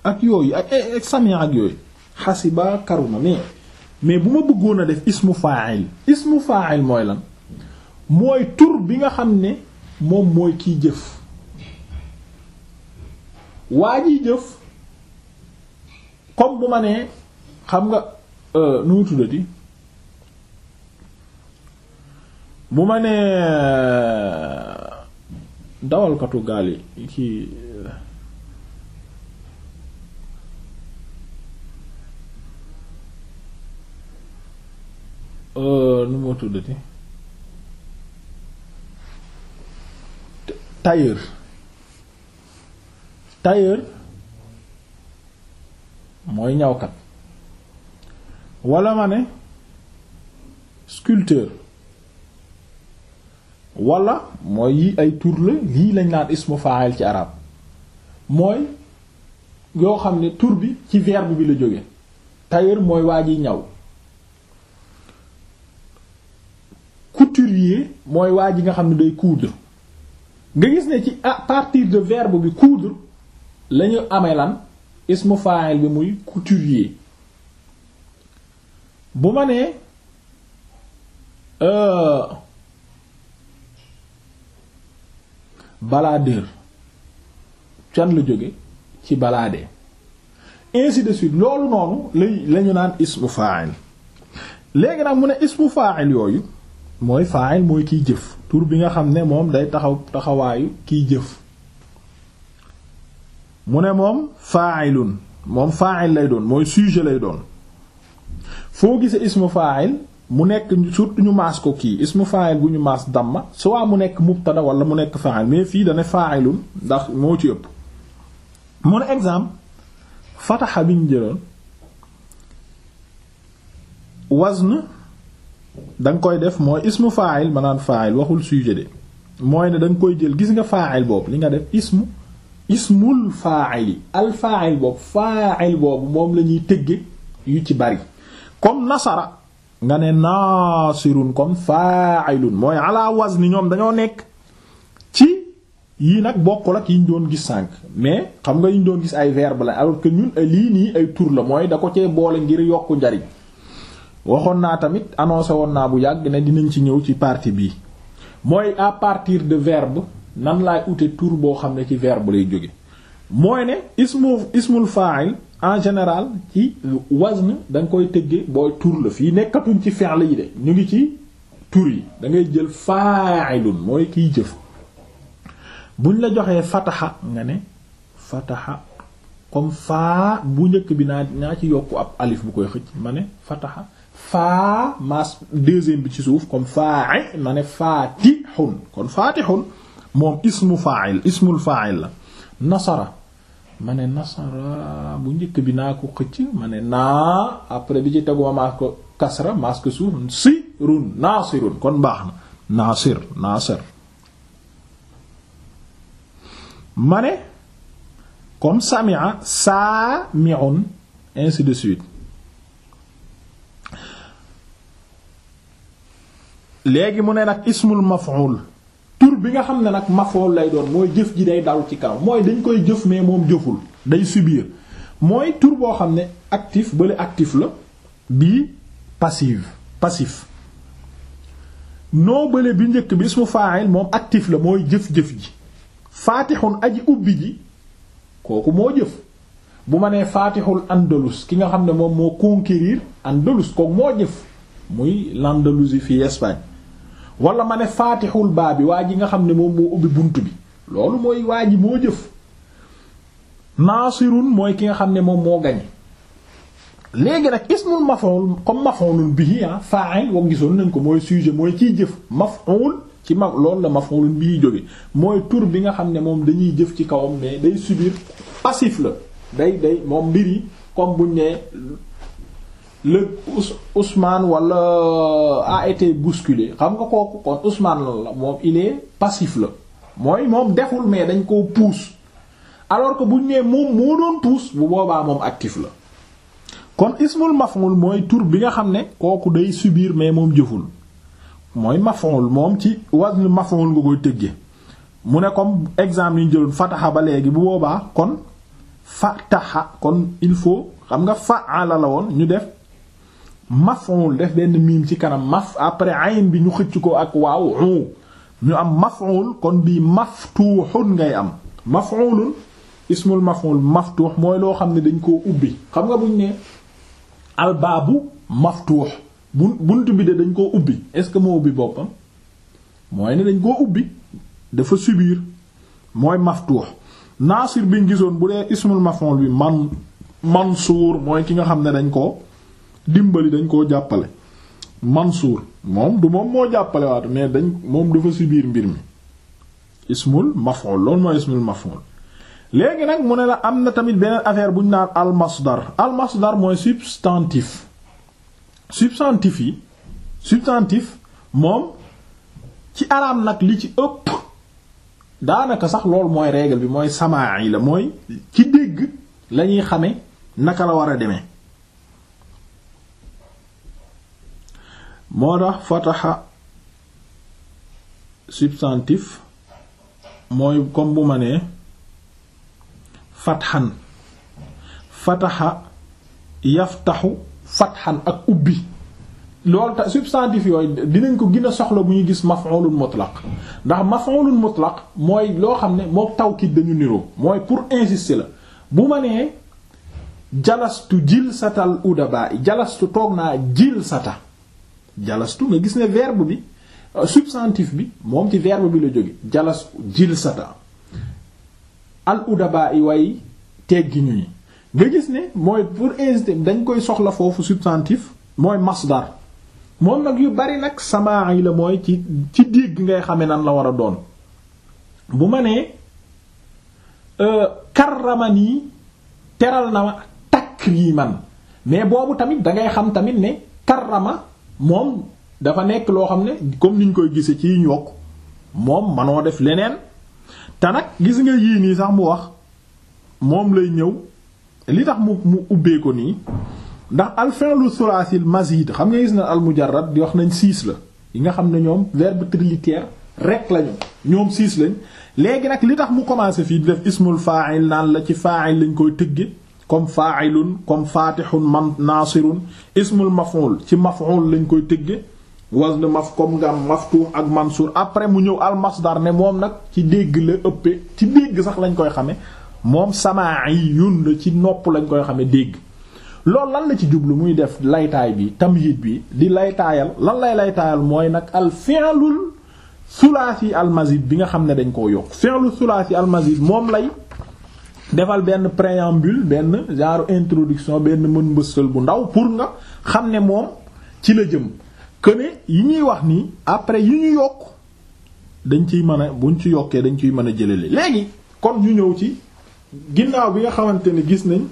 S1: ak yooyu ak ak eh, eh, samia ak yooyu xasiba karuma mais bu ma bëggoon a def ismu fa'il ismu fa'il mooy lan mooy tur bi nga xam ne moom mooy kiy jëf waa jiy jëf comme bu ma nee xam nga euh, nu mu tuddati bu ma nee dawalkatu gaal yi kii Euh, nu moo tuddati tailleur tailleur mooy ñawkat walla ma ne sculpteur wala mooy yi ay tuur la lii lañ laa ismu fa'il ci arab mooy yoo xam ne tur bi ci verbe bi la jóge tailleur mooy waa ji ñaw couturier mooy waa ji nga xam ne day coudre nga gis ne ci à partir de verbe bi coudre lañu ñu lan ismu fa'il bi muy couturier bu ma nee euh, baladeur can la jóge ci balader ainsi de suite loolu noonu lay lañu naan ismu fa'il léegi nag mu ne ismu fa'il yooyu mooy faayil mooy kiy jëf tur bi nga xam ne moom day taxaw taxawaayu kiy jëf mu ne moom faayilun moom faayil lay doon mooy sujet lay doon foo gisee ismu faayil mu nekk surtout ñu maas ko kii ismu faayil bu ñu maas damma soit mu nekk mubtada wala mu nekk faayil mais fii dana faayilun ndax moo ci ëpp mu ne exemple fataxa bi ñu jëloon danga koy def mooy ismu fa'il naan fa'il waxul sujet de mooy ne da koy jël gis nga fa'il boobu li nga def ismu ismul fa'ili al fa'il boobu fa'il boobu moom lañuy ñuy tëgge yu ci bari comme nasara nga ne naasirun comme fa'ilun mooy ala ni ñoom dañoo nekk ci yii nag bokkul ak yi ñu doon gis sànq mais xam nga yi ñu doon gis ay verbe la alors que ñun lii nii ay tur la mooy da ko cee boole ngir yokk njariñ waxoon naa tamit annoncé woon naa bu yàgg ne dinañ ci ñëw ci partie bii mooy à partir de verbe nan laay ute tour boo xam ne ci verbe lay jóge mooy ne ismu ismul fa'il en général ci euh, wazn da nga koy tëgge booy tour la fii nekkatuñ ci fi'l yi de ñu ngi ci tour yi da ngay jël fa'ilun mooy kiy jëf buñ la joxee fataxa nga ne fataxa comme faa bu njëkk bi naa naa ci yokk ab alif bu koy xëcc ma ne fataxa faa mas deuxième bi ci suuf comme faa'i ma ne faatihun kon faatihun moom ismu fa'il ismul fa'il la nasara ma ne nasara bu njëkk bi naa ko xëcc ma ne naa après bi ci teguma maas ko kasra maas suuf sirun nasirun kon baax na nasir nasir ma ne comme sami'a sami'un ainsi de suite léegi mu ne nag ismul maf'ul tur bi nga xam ne nag maf'ul lay doon mooy jëf ji day daw ci kaw mooy dañ koy jëf mais moom jëful day subir mooy tur boo xam ne actif bële actif la bii passive passif noo bële bi njëkk bi ismu fa'il moom actif la mooy jëf-jëf ji faatixun aji ubbi ji kooku moo jëf bu ma nee faatixul andalus ki nga xam ne moom moo conquérir andalus ko moo jëf muy l'Andalousie fii Espagne wala ma ne faatixul baa bi waa ji nga xam ne moom moo ubbi bunt bi loolu mooy waa ji moo jëf naasirun mooy ki nga xam ne moom moo gañe léegi nag ismul maf'ul comme maf'ulun bi ah fa'il wax gisoon nañ ko mooy sujet mooy kiy jëf maf'ul ci ma loolu la maf'ulun bihi jóge mooy tur bi nga xam ne moom dañuy jëf ci kawam mais day subir passif la day day moom mbir yi comme buñ ne le Ousmane wala euh, a été bousculé xam nga kooku kon Ousmane la moom il est passif la mooy moom deful mais dañ koo pousse alors que bu ñu nee moom moo doon pousse bu boobaa moom actif la kon ismul maf'ul mooy tur bi nga xam ne kooku day subir mais moom jëful mooy maf'ul moom ci wazn maf'ul nga koy tëgge mu ne comme exemple yi ñu jëloon ba léegi bu boobaa kon fataxa kon il faut xam nga fa la woon ñu def maf'ul def benn miim ci kanam maf après ayn bi ñu xëcc ko ak waaw ñu am maf'ul kon bii maftuuxun ngay am maf'ulun ismul maf'ul maftuux mooy loo xam ne dañ koo ubbi xam nga buñ ne bi de dañ koo ubbi est-ce que moo ubbi boppam mooy dañ koo ubbi dafa subir mooy maftuux naasir biñ gisoon bu dee ismul maf'ul bi man mansuur mooy ki nga xam ne dañ ko dimbali dañ koo jàppale Mansour moom du moom moo jàppale waatu mais dañ moom dafa subir mbir mi ismul maf'ul loolu mooy ismul maf'ul léegi nag mu ne la am na tamit beneen affaire bu ñu naan almasdar almasdar mooy substantif substantif yi substantif moom ci araam nag li ci ëpp daanaka sax loolu mooy règle bi mooy samaa yi la mooy ci dégg lañuy xame naka la war a demee moo tax fataxa substantif mooy comme bu ma nee fatxan fataxa yaftaxu fatxan ak ubbi loolu ta substantif yooyu dinañ ko gën a soxla bu ñuy gis maf'ulun mutlaq ndax maf'ulun mutlaq mooy loo xam ne moo tawkit dañu niroo mooy pour insister la bu ma nee jalastu jilsatal udaba jalastu toog naa jilsata jalastu nga gis ne verbe bi euh, substantif bi moom ci verbe bi la jóge jalas jilsata al udaba yi way teggi ñu ñi nga gis ne mooy pour inciter dañ koy soxla foofu substantif mooy masdar moom nag yu bari nag samaa yi la mooy ci ci dégg ngay xame nan la war a doon bu ma nee euh, karramani teral na ma takriman mais boobu tamit dangay xam tamit ne karrama moom dafa nekk loo xam ne comme niñ koy gise ci ñu wokk moom manoo def leneen te nag gis nga yii nii sax mu wax moom lay ñëw li tax mu mu ubbee ko nii ndax al fi'lu thulathil mazid xam nga gis na al mujarrad di wax nañ six la yi nga xam ne ñoom verbe trilitère rek lañu ñoom six lañ léegi nag li tax mu commencé fii di def ismul fa'il naan la ci fa'il lañ koy tëgge comme fa'ilun comme fatihun man nasirun ismul maf'ul ci maf'ul lañ koy tëgge wazn maf comme nga maftuh ak mansur après mu ñëw al masdar ne moom nag ci dégg la ëppe ci dégg sax lañ koy xame moom sama'iyun la ci nopp lañ koy xame dégg lool lan la ci jublu muy def laytaay bi tamhid bi di laytaayal lan lay laytaayal mooy nag al fi'lul thulathi al bi nga xam ne dañ koo yokk fi'lul thulathi al moom lay defal benn préambule benn genre introduction benn mën mbëstal bu ndaw pour nga xam ne moom ci la jëm këne yi ñuy wax nii après yi ñu yokk dañ ciy mën a buñ ci yokkee dañ ciy mën a jëlale léegi kon ñu ñëw ci ginnaaw bi nga xamante ne gis nañ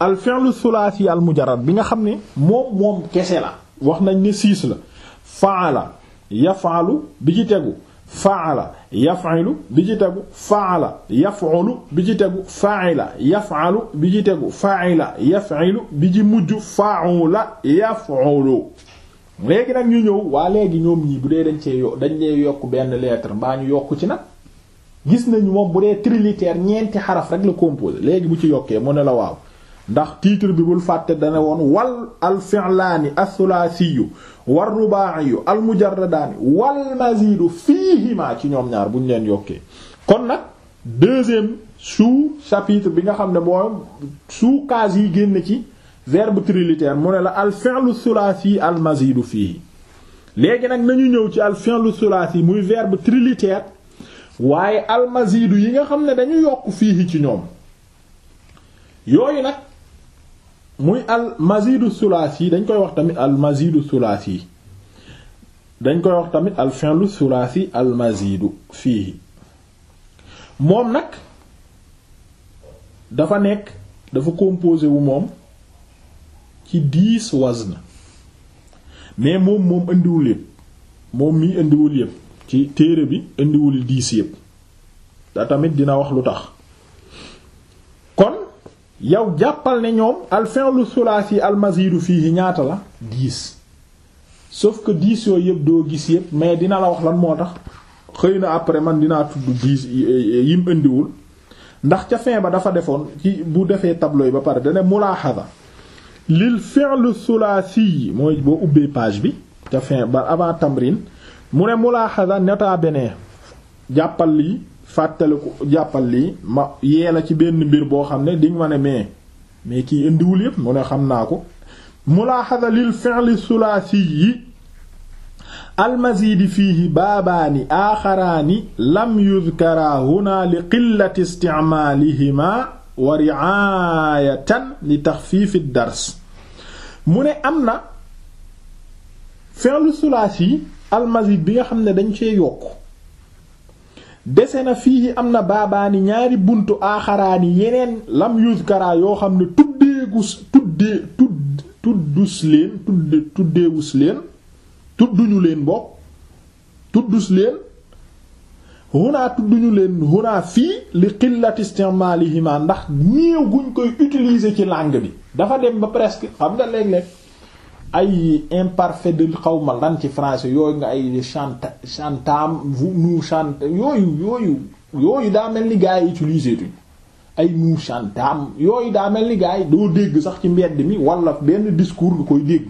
S1: al fi'lu thulathi al mujarrad bi nga xam ne moom moom kese la wax nañ ne siis la faala yafaalu bi ci tegu faala yafalu bi ci tegu faala yafulu bi ci tegu faila yafalu bi ci tegu faila bi ci mujj faula yafulu léegi nag ñu ñëw waa léegi ñoom ñi bu dee dañ cee yo dañ lee yokk benn lettre mbaa ñu yokk ci nag gis nañu moom bu dee trilitère ñeenti xaraf rek la composé léegi bu ci yokkee mu ne la waaw ndax titre bi bul fàtte dana woon wal al fi'laani ath-thulaathiyu war rubaa'iyu al mujarradaani wal maziidu fiihimaa ci ñoom ñaar buñ leen yokkee kon nag deuxième sous chapitre bi nga xam ne mooy sous case yi génn ci verbe trilitaire mu ne la al fi'lu thulaathi al maziidu fiihi léegi nag nañu ñëw ci al fi'lu thulaathi muy verbe trilitaire waaye al maziidu yi nga xam ne dañu yokk fiihi ci ñoom yooyu nag muy al mazidu sulaas yi dañ koy wax tamit al mazidu sulaas yi dañ koy wax tamit al fi'lu sulaas yi al mazidu fii moom nag dafa nekk dafa composé wu moom ci dix wazn mais moom moom indiwul yëpp moom mii indiwul yëpp ci téere bi indiwul dix yëpp da tamit dina wax lu tax yow jàppal ne ñoom al fi'lu thulathi al mazidu ñaata la dix sauf que dix yooyu yëpp doo gis yëpp mais dina la wax lan moo tax xëy na après man dinaa tudd dix yim indiwul ndax ca fin ba dafa defoon ci bu defee tableau yi ba pare dane mulaaxada lil fi'lu thulathi mooy boo ubbee page bi ca fin ba avant tamrin mu ne mulaaxada nota bene jàppal lii fàttaliku jàppal lii ma yee la ci benn mbir boo xam ne diñ ma ne mais mais kii indiwul yépp mu ne xam naa ko mulaaxada lil fi'li sulaasi yi almazidi fii baabaani aaxaraani lam yuzkaraa huna li qillati isticmaalihima wa riaayatan li taxfiifi dars mu ne am na fi'lu sulaasi almazid bi nga xam ne dañ cee yokk dese na fii am na baabaani ñaari buntu aaxaraani yeneen lam yuzkara yoo xam ne tuddeegus tuddee tudd tuddus leen tudd tuddeewus leen tudduñu leen bokk tuddus leen hunaa tudduñu leen hunaa fii li qillati istimaalihima ndax néew guñ koy utiliser ci làng bi dafa dem ba presque xam nga léeg-léeg ay imparfait de xawma lan ci français yooyu nga ay chanta chantam vous nous chante yooyu yooyu yooyu daa mel ni gars yi utilisé tuñ ay nous chantam yooyu daa mel ni gars yi doo dégg sax ci mbedd mi walla benn discours nga koy dégg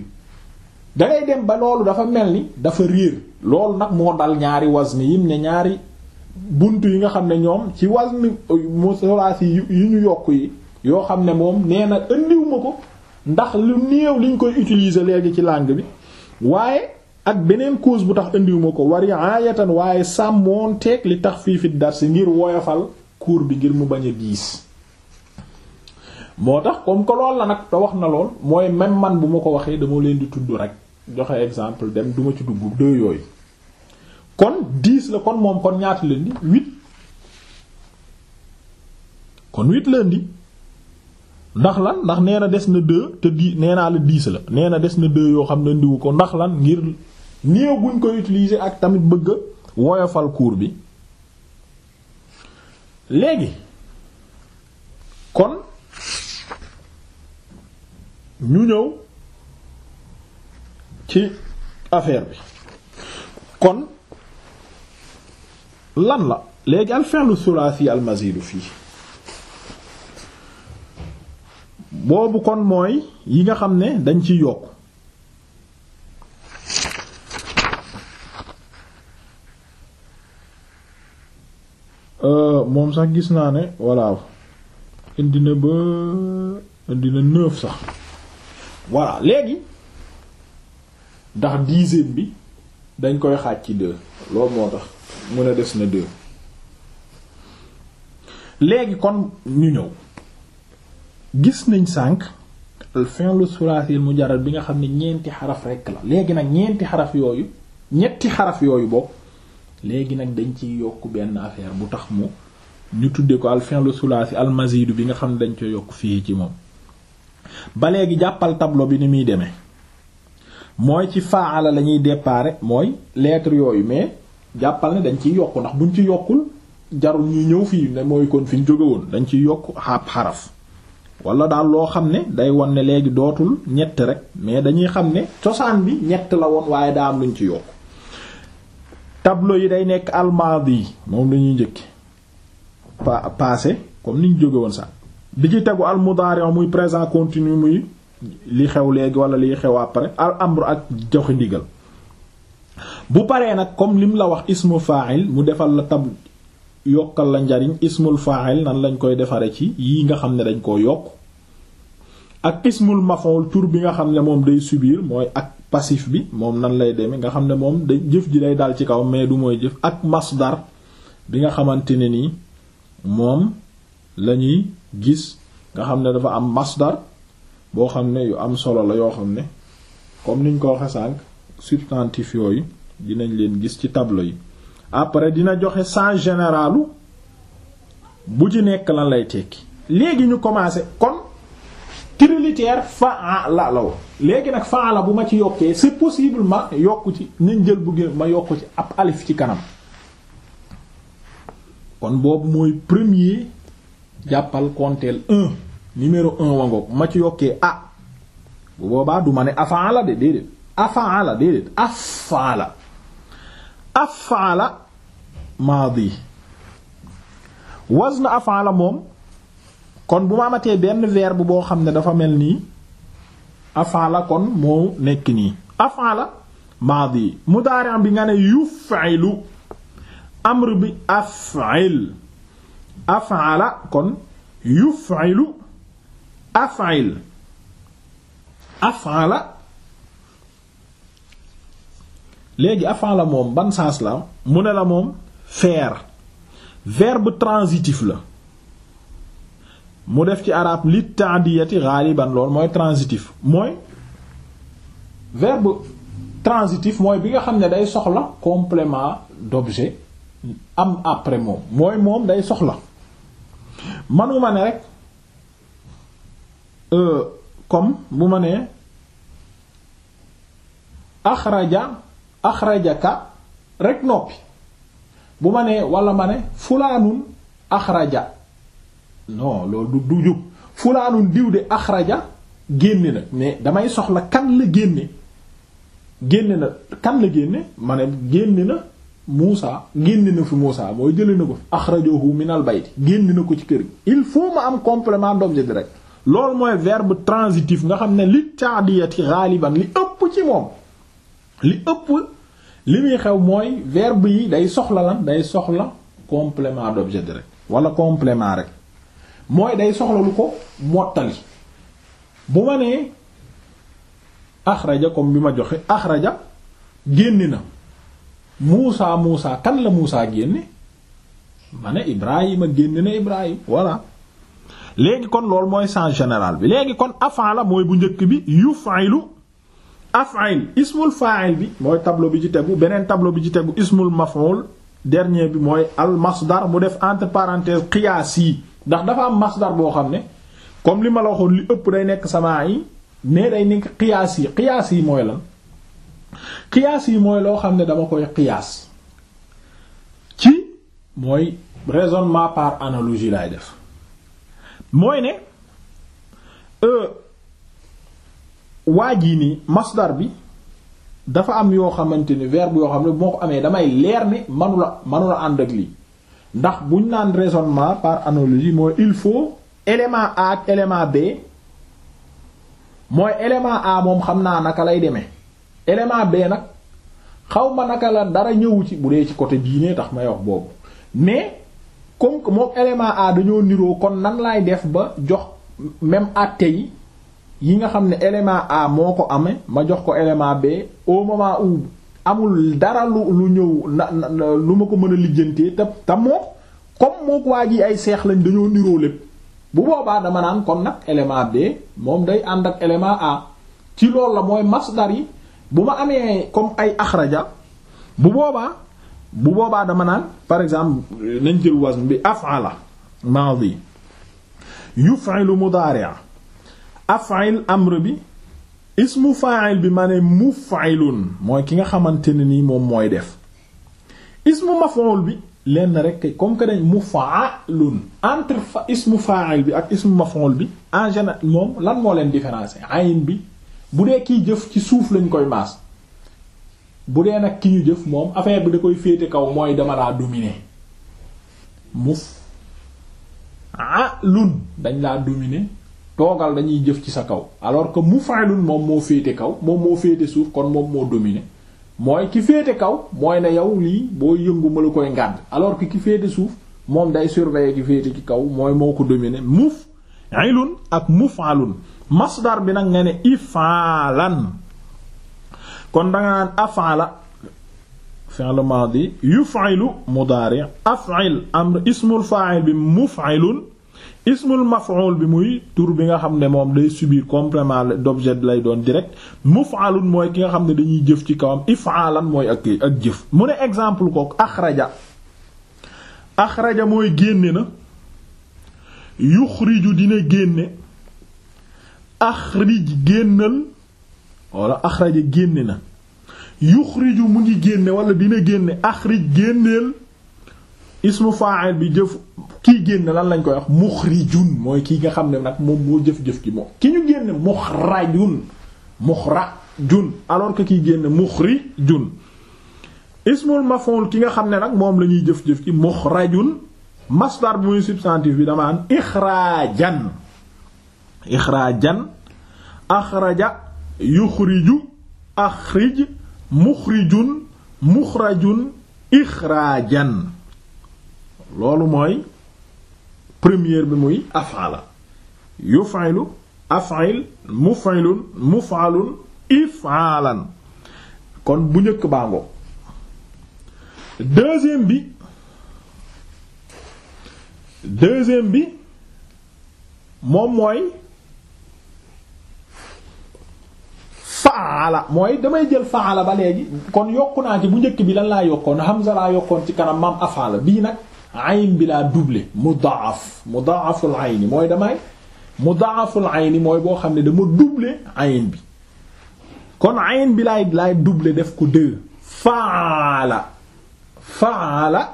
S1: da dem ba loolu dafa mel ni dafa réer loolu nag moo dal ñaari wasni yim ne ñaari bunt yi nga xam ne ñoom ci wasni euh, mosolaasi yi ñu yokk yi yoo xam ne moom nee na andiw ma ko ndax lu néew liñ koy utilise léegi ci langue bi waaye ak beneen cause bu tax indiwuma ko wari aayatan waaye sàmmoonteeg li tax fii fi darsi ngir woyofal kuur bi ngir mu bañ a diis moo tax comme que lool la nag te wax na lool mooy même man bu ma ko waxee dama leen di tudd rek joxe exemple dem duma ci dugg deux yooyu kon dix la kon moom kon ñaata lëndi huit kon huit lëndi ndax lan ndax nee des na deux te di nee la dix la nee des na deux yoo xam ne ndiwu ko ndax lan ngir néew guñ koy utiliser ak tamit bëgg woyofal kuur bi léegi kon ñu ñëw ci affaire bi kon lan la léegi al fi'lu thulathi al mazidu fii boobu kon mooy yi nga xam ne dañ ciy yokk euh, moom sax gis naa ne voilà indi na ba indi na neuf sax voilà léegi ndax dixième bi dañ koy xaaj ci deux moo tax mu ne des na deux léegi kon ñu ñëw gis nañ sànq euh, fi'lu mu jaral bi nga xam ne ñeenti xaraf rekk la léegi nag ñeenti xaraf yooyu ñetti xaraf yooyu bokk léegi nag dañ ciy yokk benn affaire bu tax mu ñu tuddee ko al lu sulaasi al bi nga xam ne dañ ci yokk fii ci moom ba léegi jàppal tableau bi ni muy demee mooy ci faala la ñuy mooy lettre yooyu mais jàppal dañ ciy yokk ndax buñ ci yokkul jarul ñuy ñëw fii ne mooy kon fi ñu jóge dañ ciy yokk ab xaraf wala daal loo xam ne day wan ne léegi dootul ñett rek mais dañuy xam ne cosaan bi ñett la woon waaye daa am luñ ci yokk tableau yi day nekk almaadi yi moom la ñuy njëkk pa passé comme ni ñu sax bi ci tegu almudaari muy présent continu muy li xew léegi wala liy xew après al amru ak joxe ndigal bu paree nag comme lim la wax ismu fa'il mu defal la tab yokkal la njariñ ismul fa'il nan lañ koy defaree ci yi nga xam ne dañ koo yokk ak ismul maf'ul tur bi nga xam ne moom day subir mooy ak passif bi moom nan lay demee nga xam ne moom day jëf ji day dal ci kaw mais du mooy jëf ak masdar bi nga xamante ne nii moom la ñuy gis nga xam ne dafa am masdar boo xam ne yu am solo la yoo xam ne comme niñ ko waxee sànq substantif yooyu dinañ leen gis ci tableau yi après dina joxe sens généralu bu ci nekk lan lay tekki léegi ñu commencé kon trilitère fa'ala la léegi nag fa'ala bu ma ci yokkee c'est possible ma yokk ci nañ jël bu ma yokk ci ab alif ci kanam kon boobu mooy premier jàppal konteel un numéro un wangoog ma ci yokkee a bu boobaa du ma ne afa'ala de déedéet afa'ala déedéet af'ala af'ala maadi wazn af'ala moom kon bu ma amatee benn verbe boo xam ne dafa mel nii afala kon moo nekk nii afala maadi mudaari' bi nga ne yuf'ilu amr bi af'il afala kon yuf'ilu af'il afala léegi afala moom ban la mu ne la moom faire verbe transitif la mu def ci arab li ta'diyati ghaliban lool mooy transitif mooy verbe transitif mooy bi nga xam ne day soxla complément d'objet am après moom mooy moom day soxla manuma ne rek euh, comme bu ma nee axraja axrajaka rek noppi bu ma ne walla ma ne fulaanun axraja non loolu du du jub fulaanun diw de axraja génne na mais damay soxla kan la génne génne na kan la génne ma génne na Muusa génne na fi Muusa mooy jëlee na ko axrajahu minal bay génne na ko ci kër gi il faut ma am complément d'objet direct loolu mooy verbe transitif nga xam ne li taadiyati xaaliban li ëpp ci moom li ëpp li muy xew mooy verbe yi day soxla la day soxla complément d'objet direct wala complement rek mooy day soxlalu lu ko mottali bu ma nee axraja comme bi ma joxe axraja génn na Muusa Muusa kan la Muusa génne ma ne Ibrahima génn na Ibrahima voilà léegi kon loolu mooy sens général bi léegi kon af'ala mooy bu njëkk bi yu yuf'ilu af'il ismul fa'il bi mooy tableau bi ci tegu beneen tablo bi ci tegu ismul maf'ul dernier bi mooy al mu def entre parenthèses qiyaas yi ndax dafa am masdar boo xam ne comme li ma la waxoon li ëpp day nekk samaa yi mais day nekk qiyaas yi qiyaas yi mooy lan qiyaas yi mooy loo xam ne dama koy qiyaas ci mooy raisonnement par analogie laay def mooy ne euh, waa jii nii masdar bi dafa am yoo xamante ni verbe yoo xam ne moo ko amee damay leer ne manula manula ànd ak lii ndax buñ naan raisonnement par analogie mooy il faut élément A ak élément B mooy élément A moom xam naa naka lay demee élément B nag xaw ma naka la dara ñëwu ci bu dee ci côté diine tax ma wax boobu mais comme que moom élément A dañoo niroo kon nan laay def ba jox même àtte yi yi nga xam ne élément A moo ko amee ma jox ko élément B au moment où amul dara lu lu ñëw lu ma ko mën a lijjantee te te moom comme mook waa ji ay seex lañ dañoo niroo lépp bu boobaa dama naan kon nag élément B moom day ànd ak élément A ci loolu la mooy masdar yi bu ma amee comme ay axraja bu boobaa bu boobaa dama naan par exemple nañ jël wazn bi af'ala maadi yuf'ilu mudaari' af'il amr bi ismu fa'il bi ma ne muf'ilun mooy ki nga xamante ne nii moom mooy def ismu maf'ul bi lenn rek comme que dañ muf'alun entre fa ismu fa'il bi ak ismu maf'ul bi en général moom lan moo leen différencier ayin bi bu dee kiy jëf ci suuf lañ koy maas bu dee nag ki ñu jëf moom affaire bi da koy féete kaw mooy dama laa dominer muf'alun dañ laa dominer toogal dañuy jëf ci sa kaw alors que muf'alun moom moo féete kaw moom moo féete suuf kon moom moo dominé mooy ki féete kaw mooy ne yow lii boo yëngu ma la koy ngàdd alors que ki féete suuf moom day surveiller ki féete ci kaw mooy moo ko muuf muf'ilun ak muf'alun masdar bi nag nga ne if'alan kon danga naan af'ala fi'l madi yuf'ilu mudari af'il amr ismul fa'il bi muf'ilun ismul maf'ul bi muy tur bi nga xam ne moom day subir complément d'objet lay doon direct muf'alun mooy ki nga xam ne dañuy jëf ci kawam if'alan mooy ak ak jëf mu ne exemple kook axraja axraja mooy génne na yuxuriju dina génne axrij génnal walla axraja génne na yuxriju mu ngi génne wala dina génne axrij génneel ismu fa'il bi jëf kiy génn lan lañ koy wax muxrijun mooy kii nga xam ne nag moom moo jëf-jëf ci moom ki ñu génn muxrajun muxrajun alors que kiy génn muxrijun ismul maf'ul ki nga xam ne nag moom la ñuy jëf-jëf ci muxrajun masdar bu muy substantif bi dama am ixrajan ixrajan axraja yuxriju axrij muxrijun muxrajun ixrajan loolu mooy première bi muy af'ala yuf'ilu af'il muf'ilun muf'alun if'alan kon bu njëkk baango deuxième bi deuxième bi moom mooy faala mooy damay jël faala ba léegi kon yokk naa ci bu njëkk bi lan laa yokkoon Hamza laa yokkoon ci kanam maam afaala bii nag ayn bi laa doublé mudaaf mudaaful ayni mooy damay mudaaful ayni mooy boo xam ne dama doublé ayn bi kon ayn bi laay laay doublé def ko deux faala faala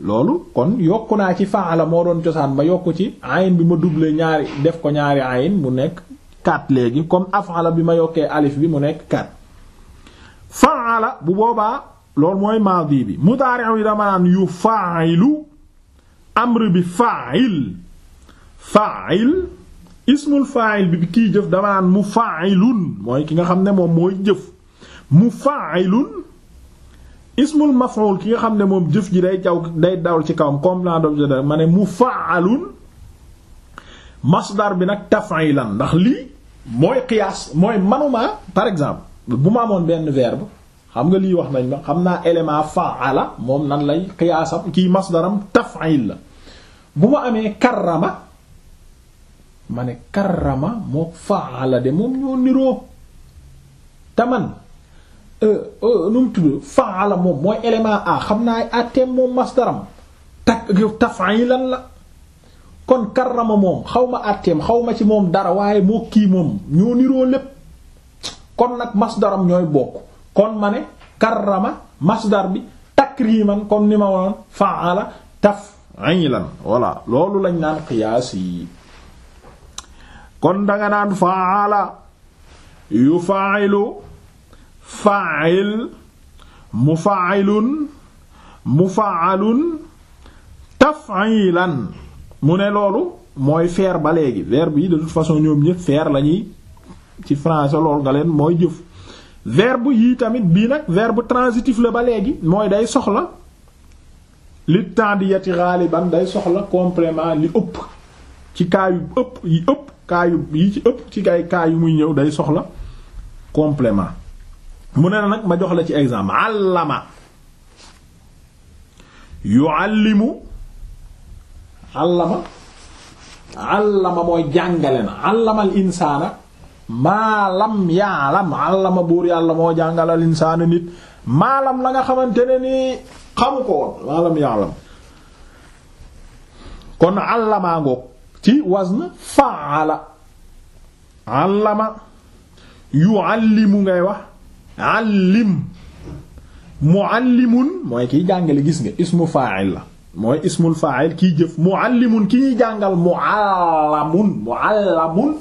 S1: loolu kon yokk naa ci faala moo doon cosaan ma yokk ci ayn bi ma duble ñaari def ko ñaari ayn mu nekk quatre léegi comme afala bi ma yokkee alif bi mu nekk quatre faala bu boobaa loolu mooy maadi bi mudaari' bi dama naan yu fa'ilu amr bi fa'il fa'il ismul fa'il bi bi kiy jëf dama naan mu fa'ilun mooy ki nga xam ne moom mooy jëf mu fa'ilun ismul maf'ul ki nga xam ne moom jëf ji day jaw day dawal ci kawam complément d'objet de ma ne mu fa'alun masdar bi nag taf'ilan ndax lii mooy qiyaas mooy manuma par exemple bu ma amoon benn verbe xam nga lii wax nañ la xam naa élément fa'ala moom nan lay qiyaasam kii masdaram taf'il la bu ma amee karrama ma ne karrama moo moom niroo te man euh, euh, moom mooy élément a xam naa atteem moom masdaram tak lan la kon karrama moom xaw ma atteem xaw ma ci moom dara waaye moo kii moom ñoo niroo lépp kon nag masdaram ñooy bokk kon ma ne karrama masdar bi takriman comme ni ma woon fa'ala taf'ilan voilà loolu lañ naan qiyaas yi kon danga naan fa'ala yufa'ilu fa'il mufa'ilun mufa'alun taf'ilan mu ne loolu mooy faire ba léegi verbe bi de toute façon ñoom ñëpp faire lañuy ci français loolu nga leen mooy jëf verbe yii tamit bii nag verbe transitif la ba léegi mooy day soxla li ta'diyati ghaliban day soxla complément li ëpp ci kaa yu ëpp yi ëpp kaa yi ci ëpp ci kay kaa yu muy ñëw day soxla complément mu ne na nag ma jox la ci exemple allama yuallimu allama allama mooy jàngale na allamal insaana maalam yaalam àllama buur yàlla moo jàngal al insaana nit maalam la nga xamante ne nii xamu ko woon maalam yaalam kon àllamaa ngoog ci wazn faala àllama yuallimu ngay wax àllim muallimun mooy kiy jàngale gis nga ismu fa'il la mooy ismul fa'il kiy jëf muallimun ki ñuy jàngal muallamun muallamun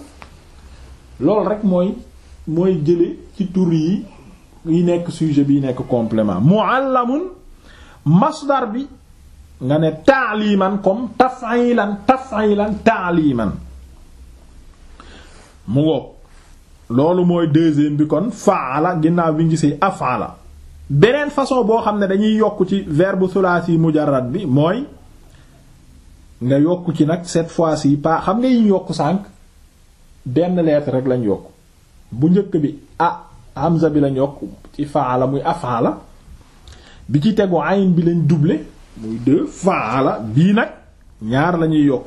S1: loolu rek mooy mooy jële ci tur yi yi nekk sujet bi nekk complement complément muallamun masdar bi nga ne taaliman comme taf'ilan taf'ilan taaliman mu ngoog loolu mooy deuxième bi kon faala ginnaaw bi ñu gisee afala beneen façon boo xam ne dañuy yokk ci verbe thulathi mujarrad bi mooy nga yokk ci nag cette fois-ci pas xam nga yi ñu yokk sànk benn lettre rek lañ yokk bu njëkk bi a hamza bi lañ yokk ci faala muy afaala bi ci tegu ayin bi lañ doublé muy deux faala bii nag ñaar lañuy yokk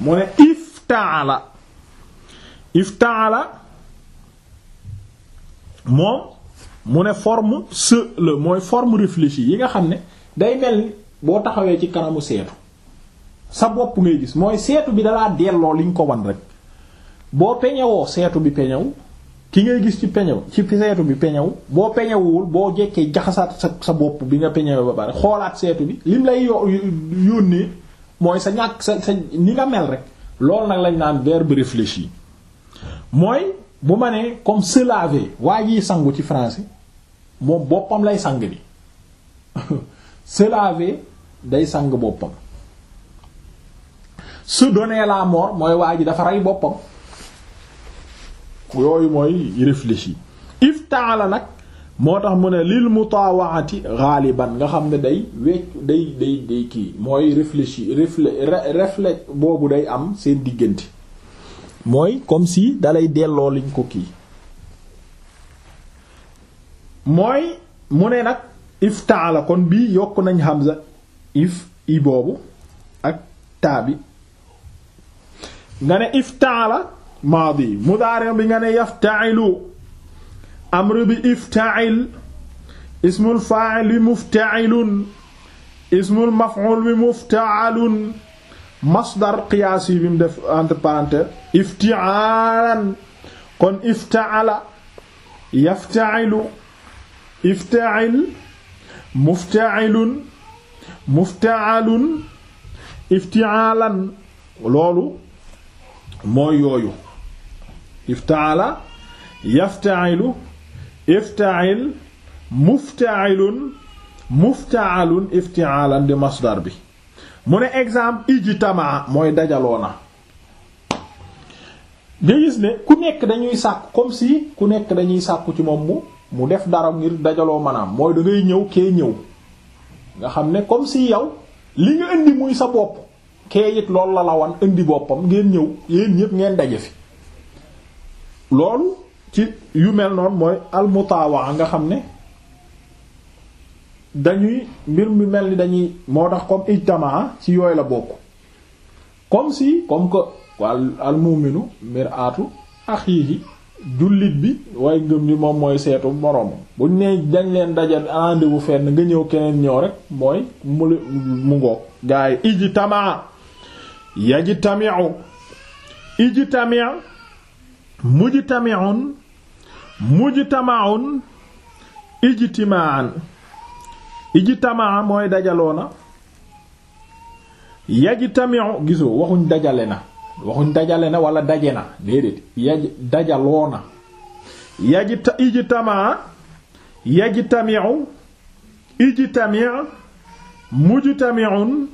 S1: mu ne iftaala iftaala moom mu ne forme se la mooy form réfléchie yi nga xam ne day mel ni boo taxawee ci kanamu seetu sa bopp ngay gis mooy seetu bi dalaa delloo liñ ko wan rek boo peñewoo seetu bi peñew ki ngay gis ci peñew ci seetu bi peñew boo peñewul boo jekkee jaxasaat sa sa bopp bi nga peñewee ba pare xoolaat seetu bi lim lay yo yónnee mooy sa ñàkk sa ni nga mel rek loolu nag lañ naan verbe réfléchi mooy bu ma nee comme se laver waa jii sangu ci français moom boppam lay sang bi se laver day sang boppam su donner la mort mooy waa ji dafa rey boppam yooyu mooy réfléchi iftaala nag moo tax mu ne lil mutaawaati xaaliban nga xam ne day wecc day day day kii mooy réfléchi refle reflet boobu day am seen diggante mooy comme si dalay delloo liñ ko kii mooy mu ne nag iftaala kon bii yokk nañ hamza if i boobu ak taa nga ne iftaala maadi mudaari bi nga ne yafta'ilu amru bi ifta'il ismul fa'il bi mufta'ilun ismul maf'ul bi mufta'alun masdar qiyaas yi bi mu def entre parenthèses ifti'alan kon ifta'ala yafta'ilu ifta'il mufta'ilun mufta'alun ifti'alan loolu mooy yooyu iftaala yaftailu iftail muftailun muftaalun iftaalan di masdar bi mu ne exemple ijtamaa mooy dajaloo na nga ne ku nekk dañuy sàkk comme si ku nekk dañuy sàkku ci moom mu def dara ngir dajaloo maanaam mooy da ñëw kee ñëw nga xam ne comme si yow li nga indi muy sa bopp kee it loolu la la wan indi boppam ngeen ñëw yéen ñëpp ngeen daje fi loolu ci yu mel noonu mooy almutaawa nga xam ne dañuy mbir mi mel ni dañuy moo tax comme ijtamaa ci yooyu la bokk comme si comme que almuuminu mir'atu axiihi jullit bi waaye ngëm ni moom mooy seetu moroomam bu ne dañ leen dajal rendez-vous fenn nga ñëw keneen ñëw rek mooy mu mu ngoog gaa yi ijtamaa yajtami'u ijtami'u mujtami'un mujtama'un ijtima'an ijtama'a mooy dajaloo na yajtami'u gisoo waxuñ dajale na waxuñ dajale na wala daje na déedéet yaj dajaloo na yajta ijtama'a yajtami'u ijtami' mujtami'un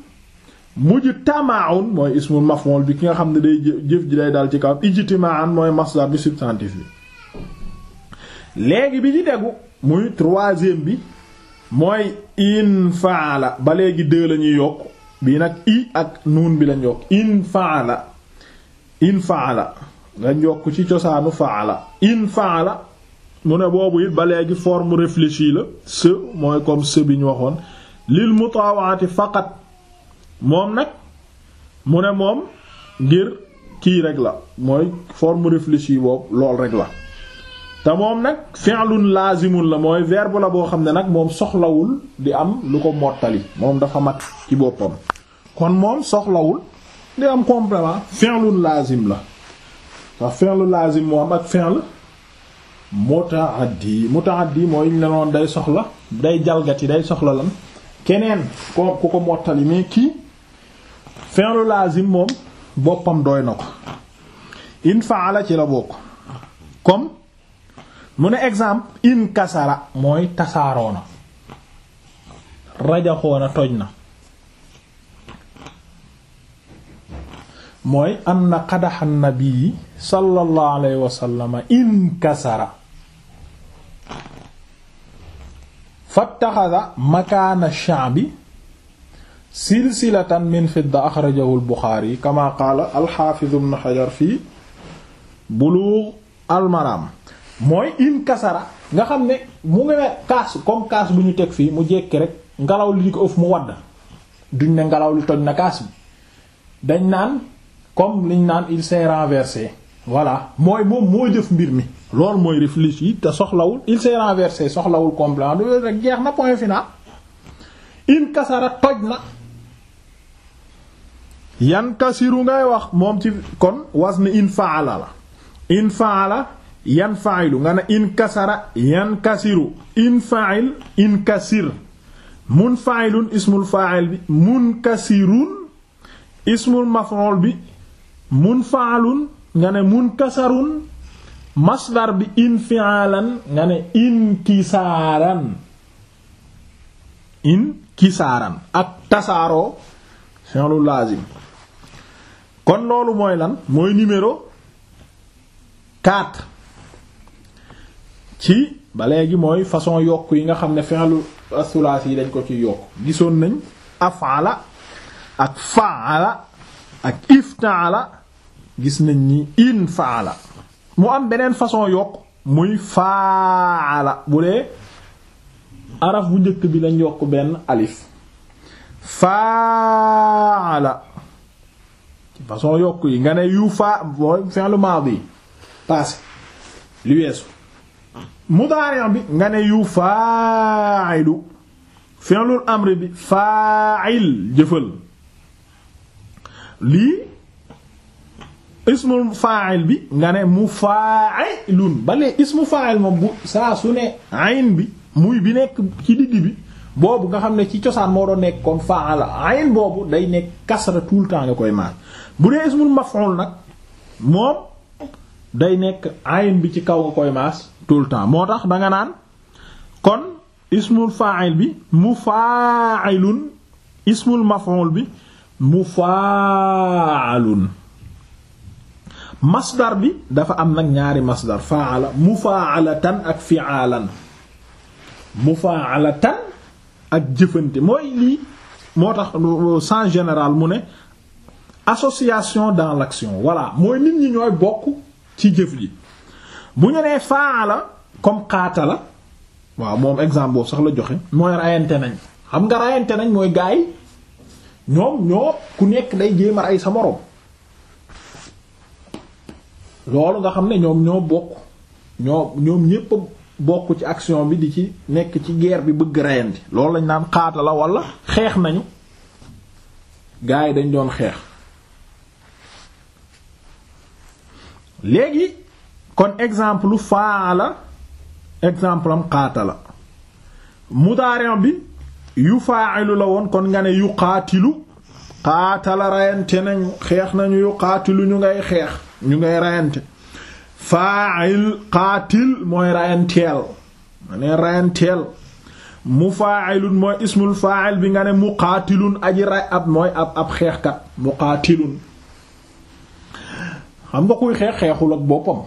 S1: mujtama'un mooy ismul maf'ul bi ki nga xam ne day jëf ji day dal ci kaw ijtima'an mooy masdar bi substantif bi léegi bi ci degu muy troisième bi mooy in fa'ala ba léegi deux la ñuy yokk bii nag i ak nuun bi lañ yokk in fa'ala in fa'ala lañ yokk ci cosaanu fa'ala in fa'ala mu ne boobu it ba léegi forme réfléchie la se mooy comme se bi ñu waxoon lil mutaawati faqat moom nag mu ne moom ngir kii rek la mooy forme réfléchie boobu lool rek la te moom nag fi'lun lazimun la mooy verbe la boo xam ne nag moom soxlawul di am lu ko mottali moom dafa mat ci boppam kon moom soxlawul di am complément fi'lun lazim la ndax fi'lun lazim moo am ak fi'l mutaaddi mutaaddi mooy ñu day soxla day jalgati day soxla lan keneen ko ku ko mottali mais kii fi'lu lazim moom boppam doy na ko in faala ci la bokk comme mu ne exemple in kasara mooy tasaaroo na rajaxoo na toj na mooy am na qadaxa nabii sallallahu alayhi wa in kasara fattaxada makaana sha'bi silsilatan min fidda axrajahu albuxaari kama qaala alxaafizu bnu xajar fii buluug almaraam mooy in kasara nga xam ne mu ngi kaas comme kaas bu ñu teg fii mu jekki rek ngelaw li di ko ëf mu wadd duñ ne ngelaw li toj na kaas bi dañ naan comme liñ naan il s'est renversé voilà mooy moom moo jëf mbir mi loolu mooy réfléchi te soxlawul il s'est renversé soxlawul complément du rek jeex na point final in kasara toj na yan kasiru ngay wax moom ci kon was wasn infaala la infaala yanfailu nga ne inkasara in infail mun munfailun ismul fa'il bi munkasirun ismul maf'ul bi mun munfaalun nga ne munkasarun masdar bi in infialan nga ne inkisaaran inkisaaran ak tasaaroo fi'lu lazim kon loolu mooy lan mooy numéro 4 ci ba léegi mooy façon yokk yi nga xam ne fi'lu asulaas yi dañ ko ci yokk gisoon nañ afala ak faala ak iftaala gis nañ ni in faala mu am beneen façon yokk muy faala bu dee araf bu njëkk bi lañ yokk benn alif faala façon yokk yi nga ne yu faa mooy fi'l maadi passé li weesu mudaari' bi nga ne yu fa'ilu fi'lul amri bi fa'il jëfal lii ismu fa'il bi nga ne mufa'ilun balee ismu fa'il moom bu saa su ne ayn bi muy bi nekk ci digg bi boobu nga xam ne ci cosaan moo doon nekk kon fa'ala ayn boobu day nekk kasra tout le temps nga koy maar bu dee ismul maf'ul nag moom day nekk ayin bi ci kaw nga koy maas tout le temps moo tax danga naan kon ismul fa'il bi mufaa'ilun ismul maf'ul bi mufaa'alun masdar bi dafa am nag ñaari masdar fa'ala mufaa'alatan ak fi'alan mufaa'alatan ak jëfante mooy lii moo tax sens général mu ne association dans l'action voilà mooy nit ñi ñooy bokk ci jëf ji bu ñu nee faala comme xaata la waaw moom exemple boobu sax la joxe mooy rayante nañ xam nga rayante nañ mooy gaay ñoom ñoo ku nekk day jéem a rey sa moroom loolu nga xam ne ñoom ñoo bokk ñoo ñoom ñépp bokk ci action bi di ci nekk ci guerre bi bëgg rayante loolu lañ naan xaata la walla xeex nañu gaay dañ doon xeex léegi kon exemple faala exemple am qaatala mudaari bi yu yufaa'ilu la woon kon nga ne yuqaatilu qaatala rayante nañu xeex nañu yu yuqaatilu ñu ngay xeex ñu ngay rayante faa'il qaatil mooy rayanteel nga ne rayanteel mufaa'ilun mooy ismul faa'il bi nga ne muqaatilun aji ray ab mooy ab ab xeexkat muqaatilun xam nga kuy xeex xeexul ak boppam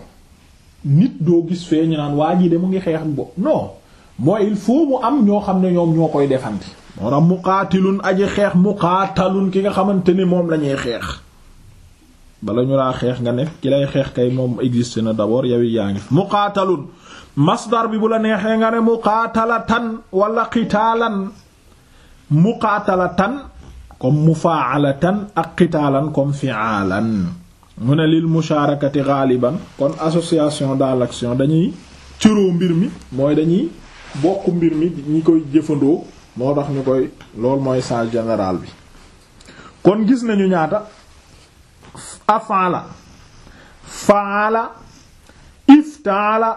S1: nit doo gis fee naan waa ji de mu ngi xeex ak bopp non mooy il faut mu am ñoo xam ne ñoom ñoo koy defandi moo tax muqaatilun aji xeex muqaatalun ki nga xamante ni moom la xeex bala ñu laa xeex nga ne ki lay xeex kay moom existe na d'abord yow yaa ngi muqaatalun masdar bi bu la neexee nga ne muqaatalatan wala qitaalan muqaatalatan comme mufaalatan ak qitaalan kom fi'aalan mu ne lil musharakati ghaliban kon association dans l'action dañuy cëroo mbir mi mooy dañuy bokk mbir mi ñi koy jëfandoo moo tax ñu koy loolu mooy sens général bi kon gis nañu ñaata afaala faala iftaala